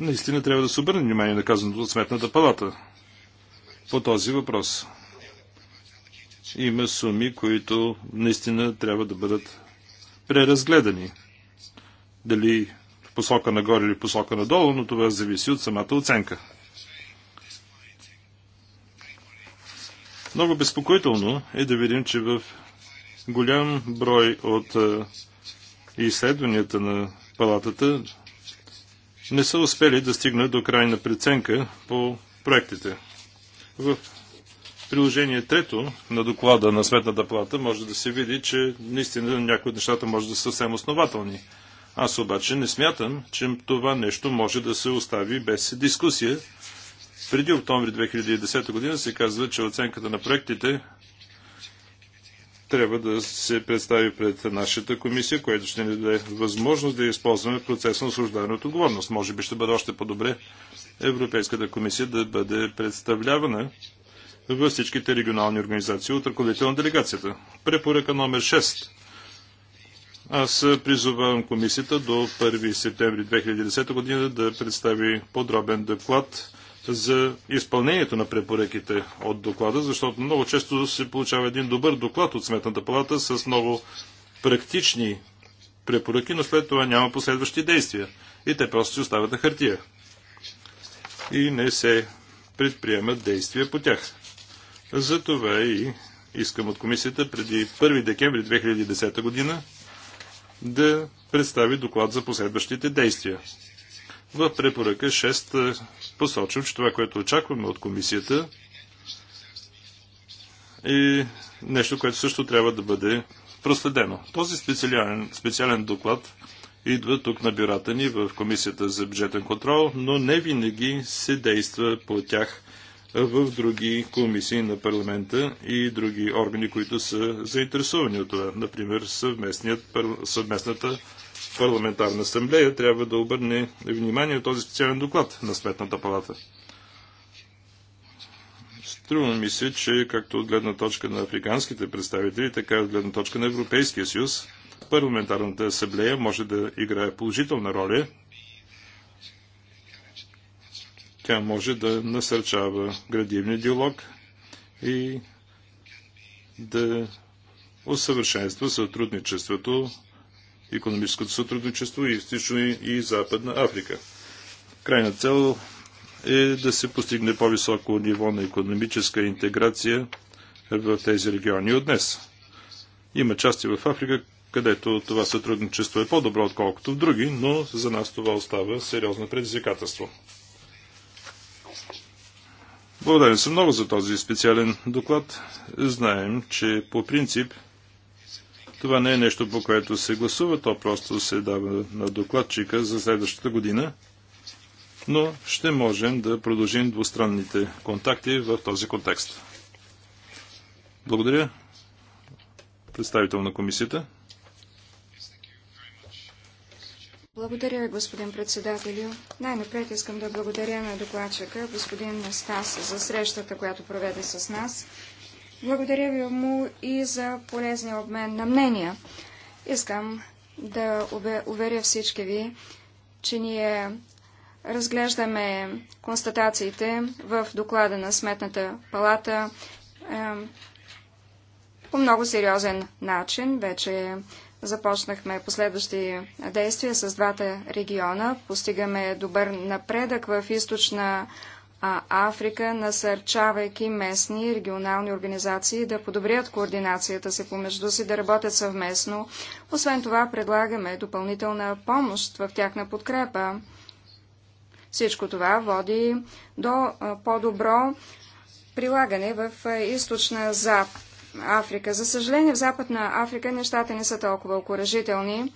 наистина трябва да се обърне внимание на казаното от Сметната палата по този въпрос. Има суми, които наистина трябва да бъдат преразгледани. Дали в посока нагоре или в посока надолу, но това зависи от самата оценка. Много безпокоително е да видим, че в голям брой от изследванията на палатата не са успели да стигнат до крайна преценка по проектите. В приложение трето на доклада на Сметната плата може да се види, че наистина някои от нещата може да са съвсем основателни. Аз обаче не смятам, че това нещо може да се остави без дискусия. Преди октомври 2010 година се казва, че оценката на проектите трябва да се представи пред нашата комисия, което ще ни даде възможност да използваме процес на осуждане от отговорност. Може би ще бъде още по-добре Европейската комисия да бъде представлявана във всичките регионални организации от ръководител на делегацията. Препоръка номер 6. Аз призовавам комисията до 1 септември 2010 година да представи подробен доклад за изпълнението на препоръките от доклада, защото много често се получава един добър доклад от Сметната палата с много практични препоръки, но след това няма последващи действия. И те просто си остават на хартия. И не се предприемат действия по тях. Затова и искам от комисията преди 1 декември 2010 година да представи доклад за последващите действия. В препоръка 6 посочвам, че това, което очакваме от комисията е нещо, което също трябва да бъде проследено. Този специален, специален доклад идва тук на бюрата ни в Комисията за бюджетен контрол, но не винаги се действа по тях в други комисии на парламента и други органи, които са заинтересовани от това. Например, съвместната парламентарна асамблея трябва да обърне внимание на този специален доклад на Сметната палата. Струва ми се, че както от гледна точка на африканските представители, така и от гледна точка на Европейския съюз, парламентарната асамблея може да играе положителна роля. Тя може да насърчава градивния диалог и да усъвършенства сътрудничеството економическото сътрудничество и източна и западна Африка. Крайна цел е да се постигне по-високо ниво на економическа интеграция в тези региони от днес. Има части в Африка, където това сътрудничество е по-добро, отколкото в други, но за нас това остава сериозно предизвикателство. Благодарен съм много за този специален доклад. Знаем, че по принцип това не е нещо, по което се гласува, то просто се дава на докладчика за следващата година, но ще можем да продължим двустранните контакти в този контекст. Благодаря. Представител на комисията. Благодаря, господин председателю. Най-напред искам да благодаря на докладчика, господин Стас, за срещата, която проведе с нас. Благодаря ви му и за полезния обмен на мнения. Искам да уверя всички ви, че ние разглеждаме констатациите в доклада на Сметната палата е, по много сериозен начин. Вече започнахме последващи действия с двата региона. Постигаме добър напредък в източна а Африка, насърчавайки местни и регионални организации да подобрят координацията си помежду си, да работят съвместно. Освен това, предлагаме допълнителна помощ в тяхна подкрепа. Всичко това води до по-добро прилагане в източна Зап... Африка. За съжаление, в Западна Африка нещата не са толкова окоръжителни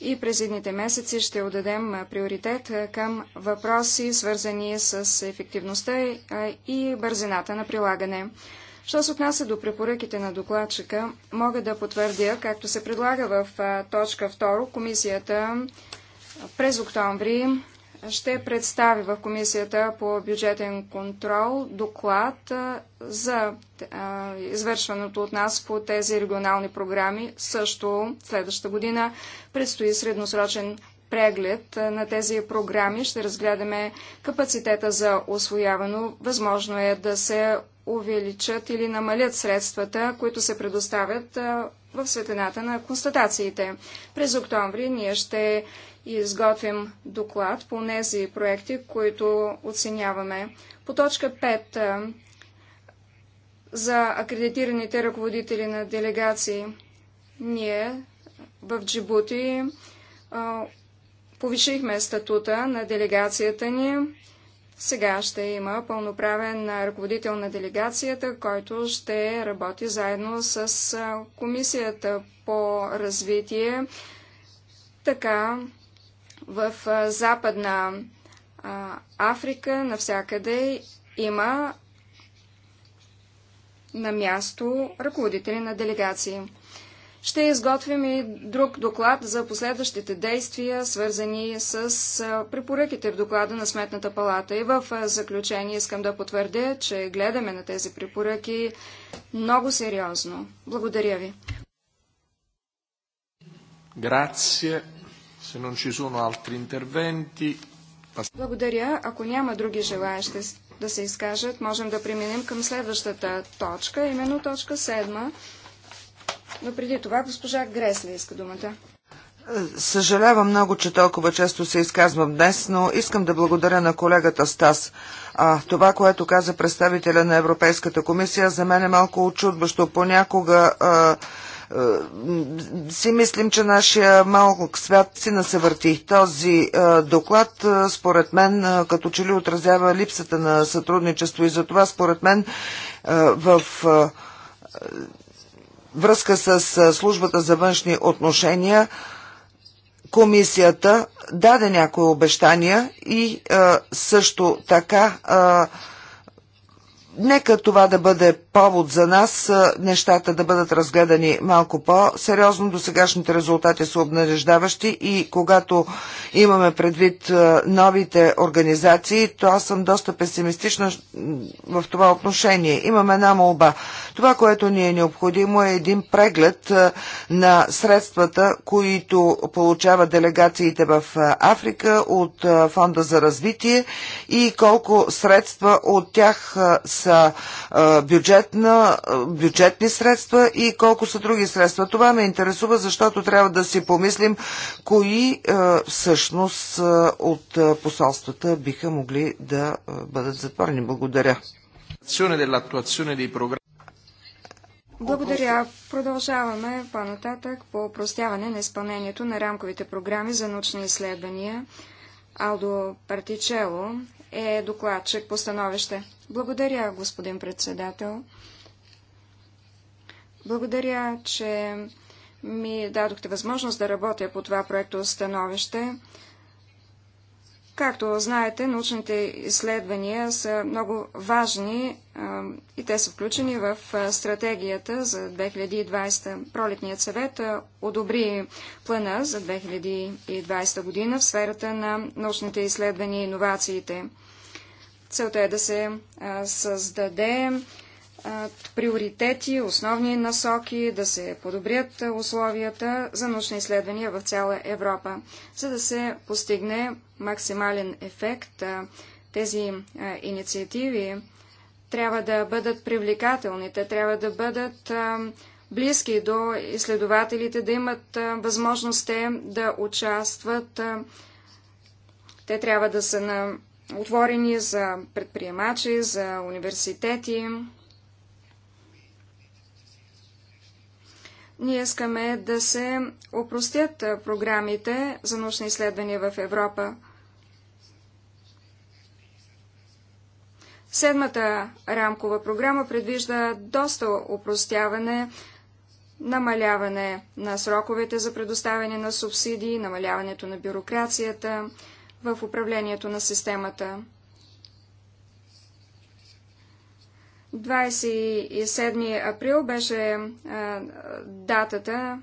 и през едните месеци ще отдадем приоритет към въпроси, свързани с ефективността и бързината на прилагане. Що се отнася до препоръките на докладчика, мога да потвърдя, както се предлага в точка 2, комисията през октомври ще представи в Комисията по бюджетен контрол доклад за извършваното от нас по тези регионални програми. Също следващата година предстои средносрочен преглед на тези програми. Ще разгледаме капацитета за освояване. Възможно е да се увеличат или намалят средствата, които се предоставят в светлината на констатациите. През октомври ние ще изготвим доклад по тези проекти, които оценяваме. По точка 5 за акредитираните ръководители на делегации. Ние в Джибути повишихме статута на делегацията ни сега ще има пълноправен ръководител на делегацията, който ще работи заедно с Комисията по развитие. Така в Западна Африка навсякъде има на място ръководители на делегации. Ще изготвим и друг доклад за последващите действия, свързани с препоръките в доклада на Сметната палата. И в заключение искам да потвърдя, че гледаме на тези препоръки много сериозно. Благодаря ви. Grazie. Se non ci sono altri interventi. Благодаря. Ако няма други желаящи да се изкажат, можем да преминем към следващата точка, именно точка 7 но преди това госпожа Гресле иска думата. Съжалявам много, че толкова често се изказвам днес, но искам да благодаря на колегата Стас. А, това, което каза представителя на Европейската комисия, за мен е малко очудващо. Понякога а, а, си мислим, че нашия малък свят си насъвърти. Този а, доклад, а, според мен, а, като че ли отразява липсата на сътрудничество и за това, според мен, а, в. А, връзка с службата за външни отношения, комисията даде някои обещания и също така Нека това да бъде повод за нас, нещата да бъдат разгледани малко по-сериозно. До сегашните резултати са обнадеждаващи и когато имаме предвид новите организации, то аз съм доста песимистична в това отношение. Имаме една молба. Това, което ни е необходимо е един преглед на средствата, които получават делегациите в Африка от Фонда за развитие и колко средства от тях се са бюджетна, бюджетни средства и колко са други средства. Това ме интересува, защото трябва да си помислим кои всъщност от посолствата биха могли да бъдат затворени. Благодаря. Благодаря. Продължаваме по-нататък по упростяване на изпълнението на рамковите програми за научни изследвания. Алдо Партичело е докладчик по становище. Благодаря, господин председател. Благодаря, че ми дадохте възможност да работя по това проекто становище. Както знаете, научните изследвания са много важни и те са включени в стратегията за 2020. Пролетният съвет одобри плана за 2020 година в сферата на научните изследвания и иновациите. Целта е да се създаде приоритети, основни насоки, да се подобрят условията за научни изследвания в цяла Европа, за да се постигне максимален ефект. Тези инициативи трябва да бъдат привлекателни, те трябва да бъдат близки до изследователите, да имат възможност те да участват. Те трябва да са на отворени за предприемачи, за университети. Ние искаме да се опростят програмите за научни изследвания в Европа. Седмата рамкова програма предвижда доста опростяване, намаляване на сроковете за предоставяне на субсидии, намаляването на бюрокрацията в управлението на системата. 27 април беше а, датата,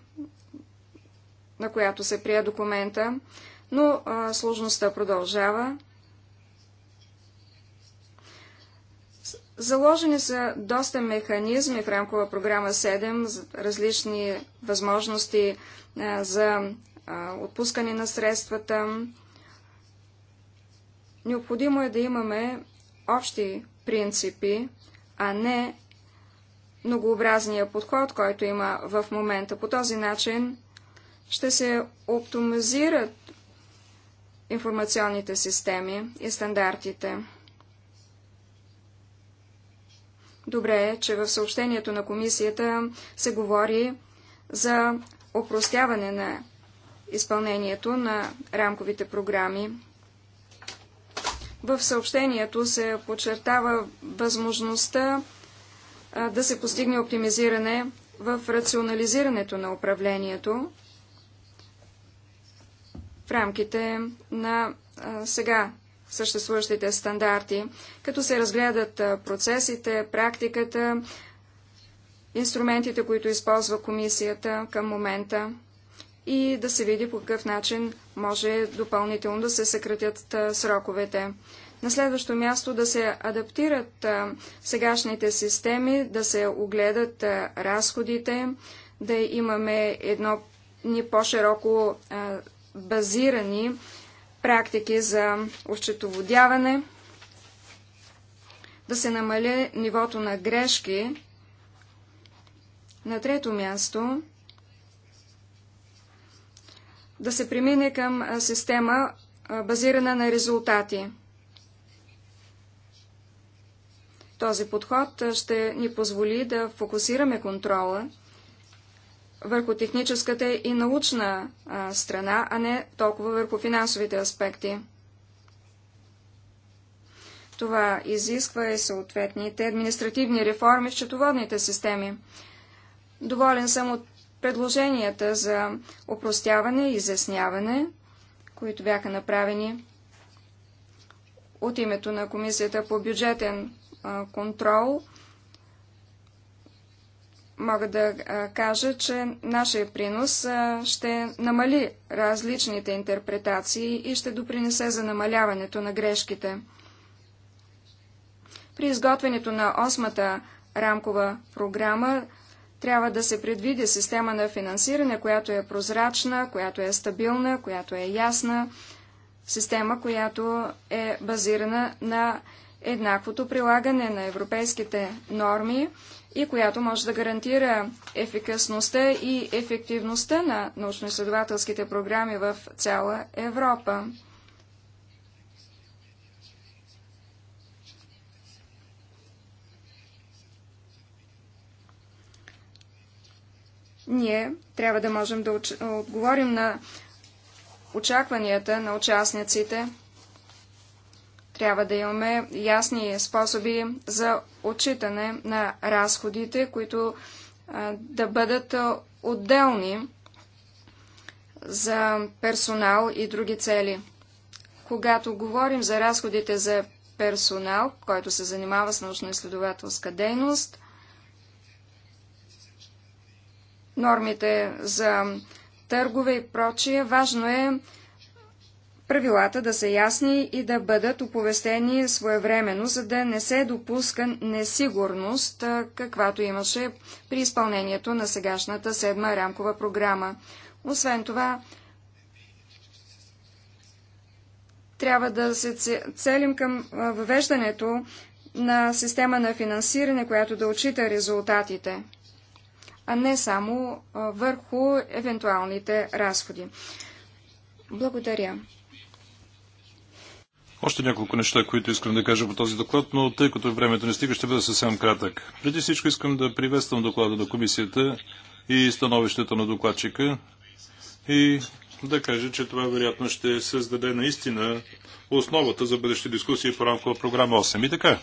на която се прие документа, но а, сложността продължава. Заложени са доста механизми в рамкова програма 7, различни възможности а, за а, отпускане на средствата. Необходимо е да имаме общи принципи, а не многообразния подход, който има в момента. По този начин ще се оптимизират информационните системи и стандартите. Добре е, че в съобщението на комисията се говори за опростяване на изпълнението на рамковите програми в съобщението се подчертава възможността да се постигне оптимизиране в рационализирането на управлението в рамките на сега съществуващите стандарти, като се разгледат процесите, практиката, инструментите, които използва комисията към момента и да се види по какъв начин може допълнително да се съкратят сроковете. На следващо място да се адаптират сегашните системи, да се огледат разходите, да имаме едно ни по-широко базирани практики за отчетоводяване, да се намали нивото на грешки. На трето място да се премине към система базирана на резултати. Този подход ще ни позволи да фокусираме контрола върху техническата и научна страна, а не толкова върху финансовите аспекти. Това изисква и съответните административни реформи в счетоводните системи. Доволен съм от предложенията за опростяване и изясняване, които бяха направени от името на Комисията по бюджетен контрол, мога да кажа, че нашия принос ще намали различните интерпретации и ще допринесе за намаляването на грешките. При изготвянето на осмата рамкова програма трябва да се предвиди система на финансиране, която е прозрачна, която е стабилна, която е ясна, система, която е базирана на еднаквото прилагане на европейските норми и която може да гарантира ефикасността и ефективността на научно-изследователските програми в цяла Европа. Ние трябва да можем да отговорим на очакванията на участниците. Трябва да имаме ясни способи за отчитане на разходите, които да бъдат отделни за персонал и други цели. Когато говорим за разходите за персонал, който се занимава с научно-изследователска дейност – нормите за търгове и прочие. Важно е правилата да са ясни и да бъдат оповестени своевременно, за да не се допуска несигурност, каквато имаше при изпълнението на сегашната седма рамкова програма. Освен това, трябва да се целим към въвеждането на система на финансиране, която да отчита резултатите а не само върху евентуалните разходи. Благодаря. Още няколко неща, които искам да кажа по този доклад, но тъй като времето не стига, ще бъда съвсем кратък. Преди всичко искам да приветствам доклада на комисията и становището на докладчика и да кажа, че това вероятно ще създаде наистина основата за бъдещи дискусии по рамкова програма 8. И така,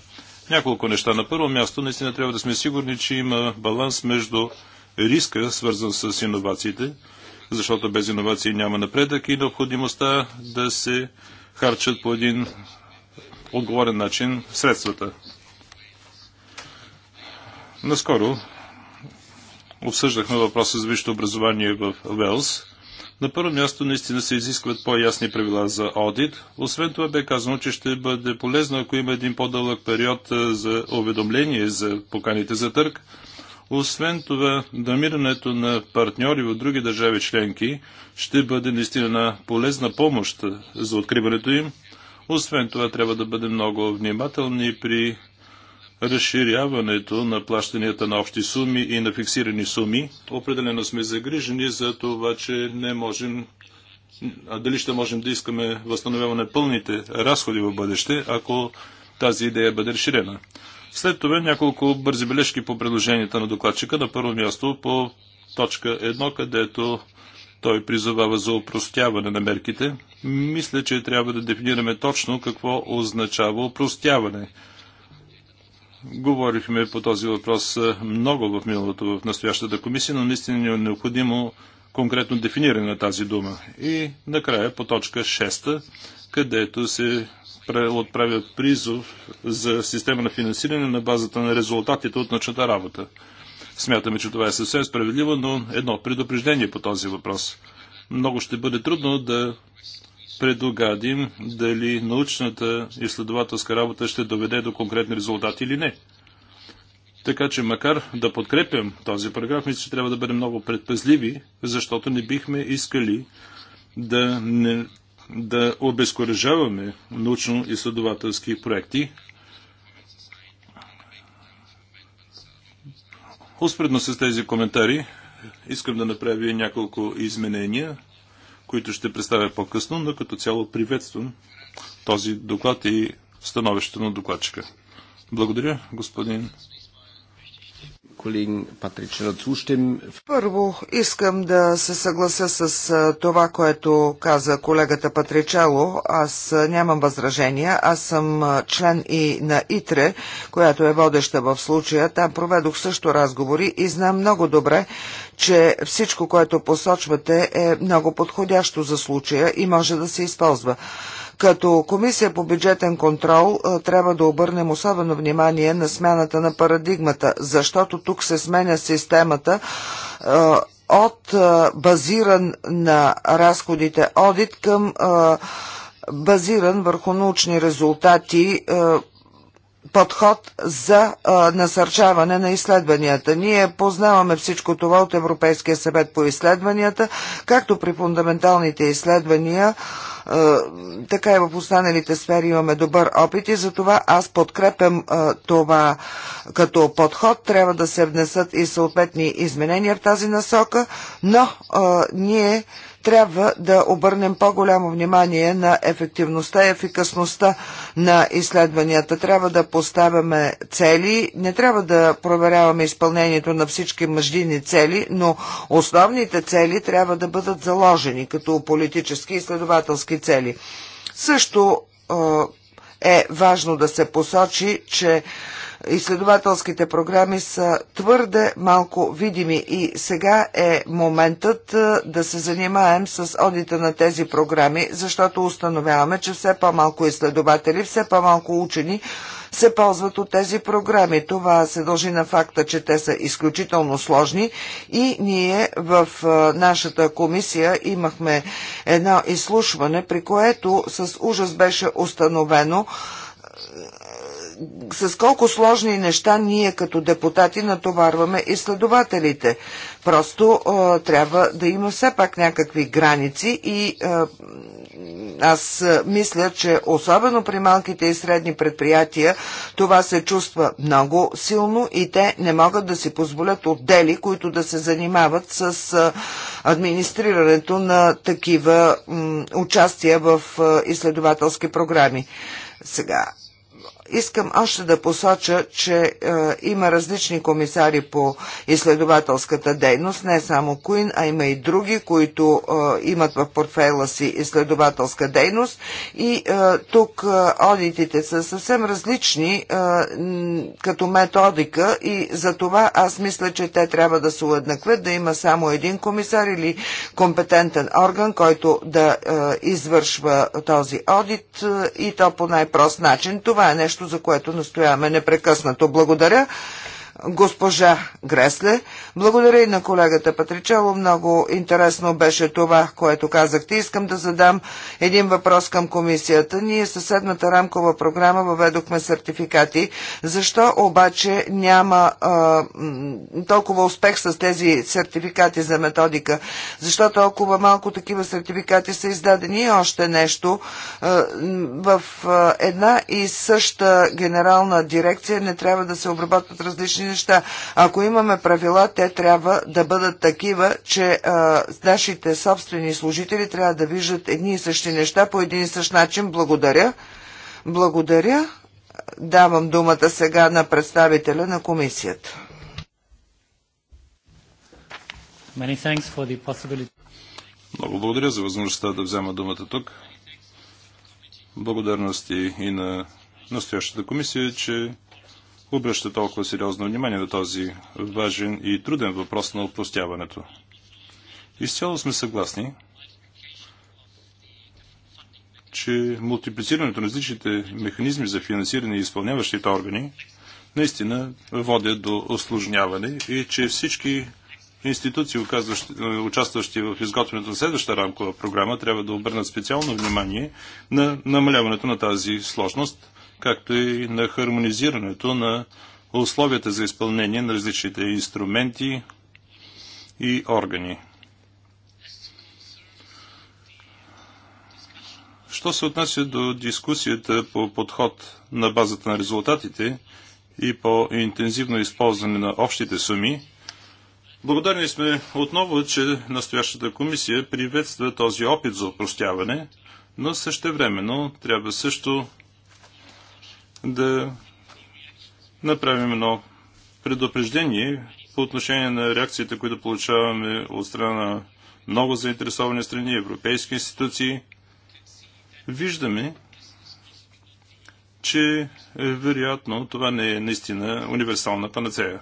няколко неща. На първо място, наистина трябва да сме сигурни, че има баланс между риска, свързан с иновациите, защото без иновации няма напредък и необходимостта да се харчат по един отговорен начин средствата. Наскоро обсъждахме въпроса за висшето образование в Велс. На първо място наистина се изискват по-ясни правила за одит. Освен това бе казано, че ще бъде полезно, ако има един по-дълъг период за уведомление за поканите за търг освен това, намирането на партньори от други държави членки ще бъде наистина полезна помощ за откриването им. Освен това, трябва да бъдем много внимателни при разширяването на плащанията на общи суми и на фиксирани суми. Определено сме загрижени за това, че не можем а дали ще можем да искаме възстановяване пълните разходи в бъдеще, ако тази идея бъде разширена. След това няколко бързи бележки по предложенията на докладчика. На първо място по точка 1, където той призовава за упростяване на мерките. Мисля, че трябва да дефинираме точно какво означава упростяване. Говорихме по този въпрос много в миналото, в настоящата комисия, но наистина е необходимо конкретно дефиниране на тази дума. И накрая по точка 6, където се отправя призов за система на финансиране на базата на резултатите от начата работа. Смятаме, че това е съвсем справедливо, но едно предупреждение по този въпрос. Много ще бъде трудно да предугадим дали научната изследователска работа ще доведе до конкретни резултати или не. Така че макар да подкрепям този параграф, мисля, че трябва да бъдем много предпазливи, защото не бихме искали да не да обезкуражаваме научно-изследователски проекти. Успредно с тези коментари искам да направя няколко изменения, които ще представя по-късно, но като цяло приветствам този доклад и становището на докладчика. Благодаря, господин първо искам да се съглася с това, което каза колегата Патричало. Аз нямам възражения. Аз съм член и на ИТРЕ, която е водеща в случая. Там проведох също разговори и знам много добре, че всичко, което посочвате е много подходящо за случая и може да се използва. Като комисия по бюджетен контрол е, трябва да обърнем особено внимание на смяната на парадигмата, защото тук се сменя системата е, от е, базиран на разходите одит към базиран върху научни резултати подход за насърчаване на изследванията. Ние познаваме всичко това от Европейския съвет по изследванията, както при фундаменталните изследвания, е, така и в останалите сфери имаме добър опит и затова аз подкрепям е, това като подход. Трябва да се внесат и съответни изменения в тази насока, но е, ние трябва да обърнем по-голямо внимание на ефективността и ефикасността на изследванията. Трябва да поставяме цели, не трябва да проверяваме изпълнението на всички мъждини цели, но основните цели трябва да бъдат заложени като политически и следователски цели. Също е, е важно да се посочи, че изследователските програми са твърде малко видими и сега е моментът е, да се занимаем с одита на тези програми, защото установяваме, че все по-малко изследователи, все по-малко учени се ползват от тези програми. Това се дължи на факта, че те са изключително сложни и ние в е, нашата комисия имахме едно изслушване, при което с ужас беше установено, с колко сложни неща ние като депутати натоварваме изследователите. Просто а, трябва да има все пак някакви граници и а, аз мисля, че особено при малките и средни предприятия това се чувства много силно и те не могат да си позволят отдели, които да се занимават с а, администрирането на такива м, участия в а, изследователски програми. Сега, Искам още да посоча, че е, има различни комисари по изследователската дейност, не само Куин, а има и други, които е, имат в портфейла си изследователска дейност. И е, тук е, одитите са съвсем различни е, като методика и за това аз мисля, че те трябва да се уеднакват, да има само един комисар или компетентен орган, който да е, извършва този одит е, и то по най-прост начин. Това е нещо, нещо, за което настояваме непрекъснато. Благодаря госпожа Гресле. Благодаря и на колегата Патричало. Много интересно беше това, което казахте. Искам да задам един въпрос към комисията. Ние със седмата рамкова програма въведохме сертификати. Защо обаче няма а, толкова успех с тези сертификати за методика? Защо толкова малко такива сертификати са издадени? И още нещо. А, в а, една и съща генерална дирекция не трябва да се обработват различни различни неща. Ако имаме правила, те трябва да бъдат такива, че а, нашите собствени служители трябва да виждат едни и същи неща по един и същ начин. Благодаря. Благодаря. Давам думата сега на представителя на комисията. Много благодаря за възможността да взема думата тук. Благодарности и на настоящата комисия, че обръща толкова сериозно внимание на този важен и труден въпрос на опростяването. Изцяло сме съгласни, че мултиплицирането на различните механизми за финансиране и изпълняващите органи наистина водят до осложняване и че всички институции, участващи в изготвянето на следващата рамкова програма, трябва да обърнат специално внимание на намаляването на тази сложност както и на хармонизирането на условията за изпълнение на различните инструменти и органи. Що се отнася до дискусията по подход на базата на резултатите и по интензивно използване на общите суми, благодарни сме отново, че настоящата комисия приветства този опит за опростяване, но същевременно трябва също да направим едно предупреждение по отношение на реакцията, които получаваме от страна на много заинтересовани страни, европейски институции. Виждаме, че е, вероятно това не е наистина универсална панацея.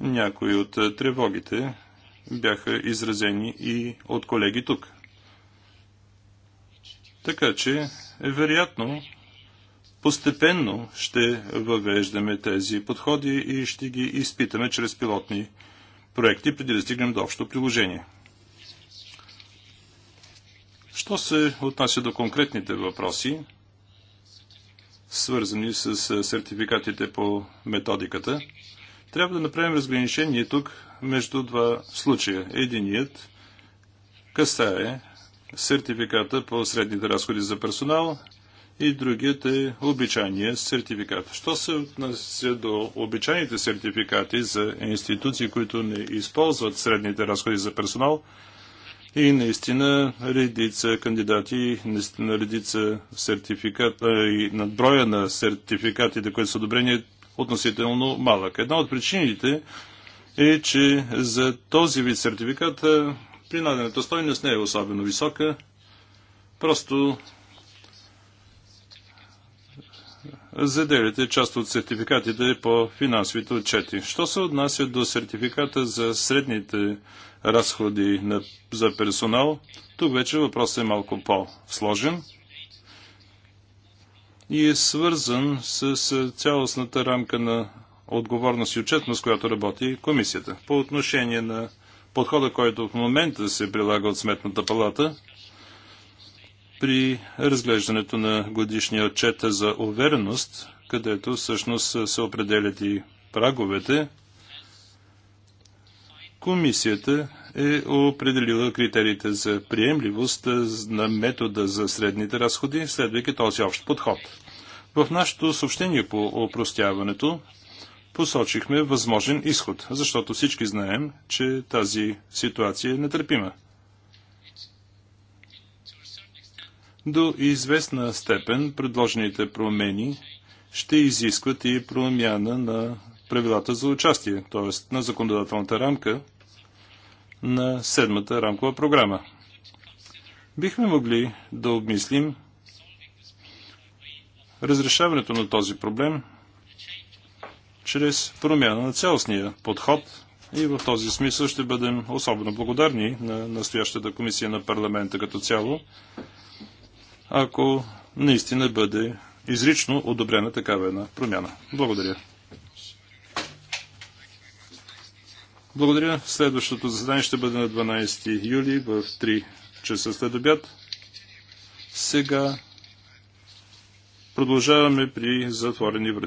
Някои от е, тревогите бяха изразени и от колеги тук. Така че, е, вероятно, Постепенно ще въвеждаме тези подходи и ще ги изпитаме чрез пилотни проекти, преди да стигнем до общо приложение. Що се отнася до конкретните въпроси, свързани с сертификатите по методиката, трябва да направим разграничение тук между два случая. Единият касае сертификата по средните разходи за персонал, и другият е обичайния сертификат. Що се отнася до обичайните сертификати за институции, които не използват средните разходи за персонал, и наистина редица кандидати, наистина редица сертификат и надброя на сертификатите, които са одобрени, е относително малък. Една от причините е, че за този вид сертификат принадената стойност не е особено висока. Просто заделяте е част от сертификатите по финансовите отчети. Що се отнася до сертификата за средните разходи на, за персонал, тук вече въпросът е малко по-сложен и е свързан с, цялостната рамка на отговорност и отчетност, която работи комисията. По отношение на подхода, който в момента се прилага от Сметната палата – при разглеждането на годишния отчет за увереност, където всъщност се определят и праговете, комисията е определила критериите за приемливост на метода за средните разходи, следвайки този общ подход. В нашето съобщение по опростяването посочихме възможен изход, защото всички знаем, че тази ситуация е нетърпима. До известна степен предложените промени ще изискват и промяна на правилата за участие, т.е. на законодателната рамка на седмата рамкова програма. Бихме могли да обмислим разрешаването на този проблем чрез промяна на цялостния подход и в този смисъл ще бъдем особено благодарни на настоящата комисия на парламента като цяло ако наистина бъде изрично одобрена такава една промяна. Благодаря. Благодаря. Следващото заседание ще бъде на 12 юли в 3 часа след обяд. Сега продължаваме при затворени врати.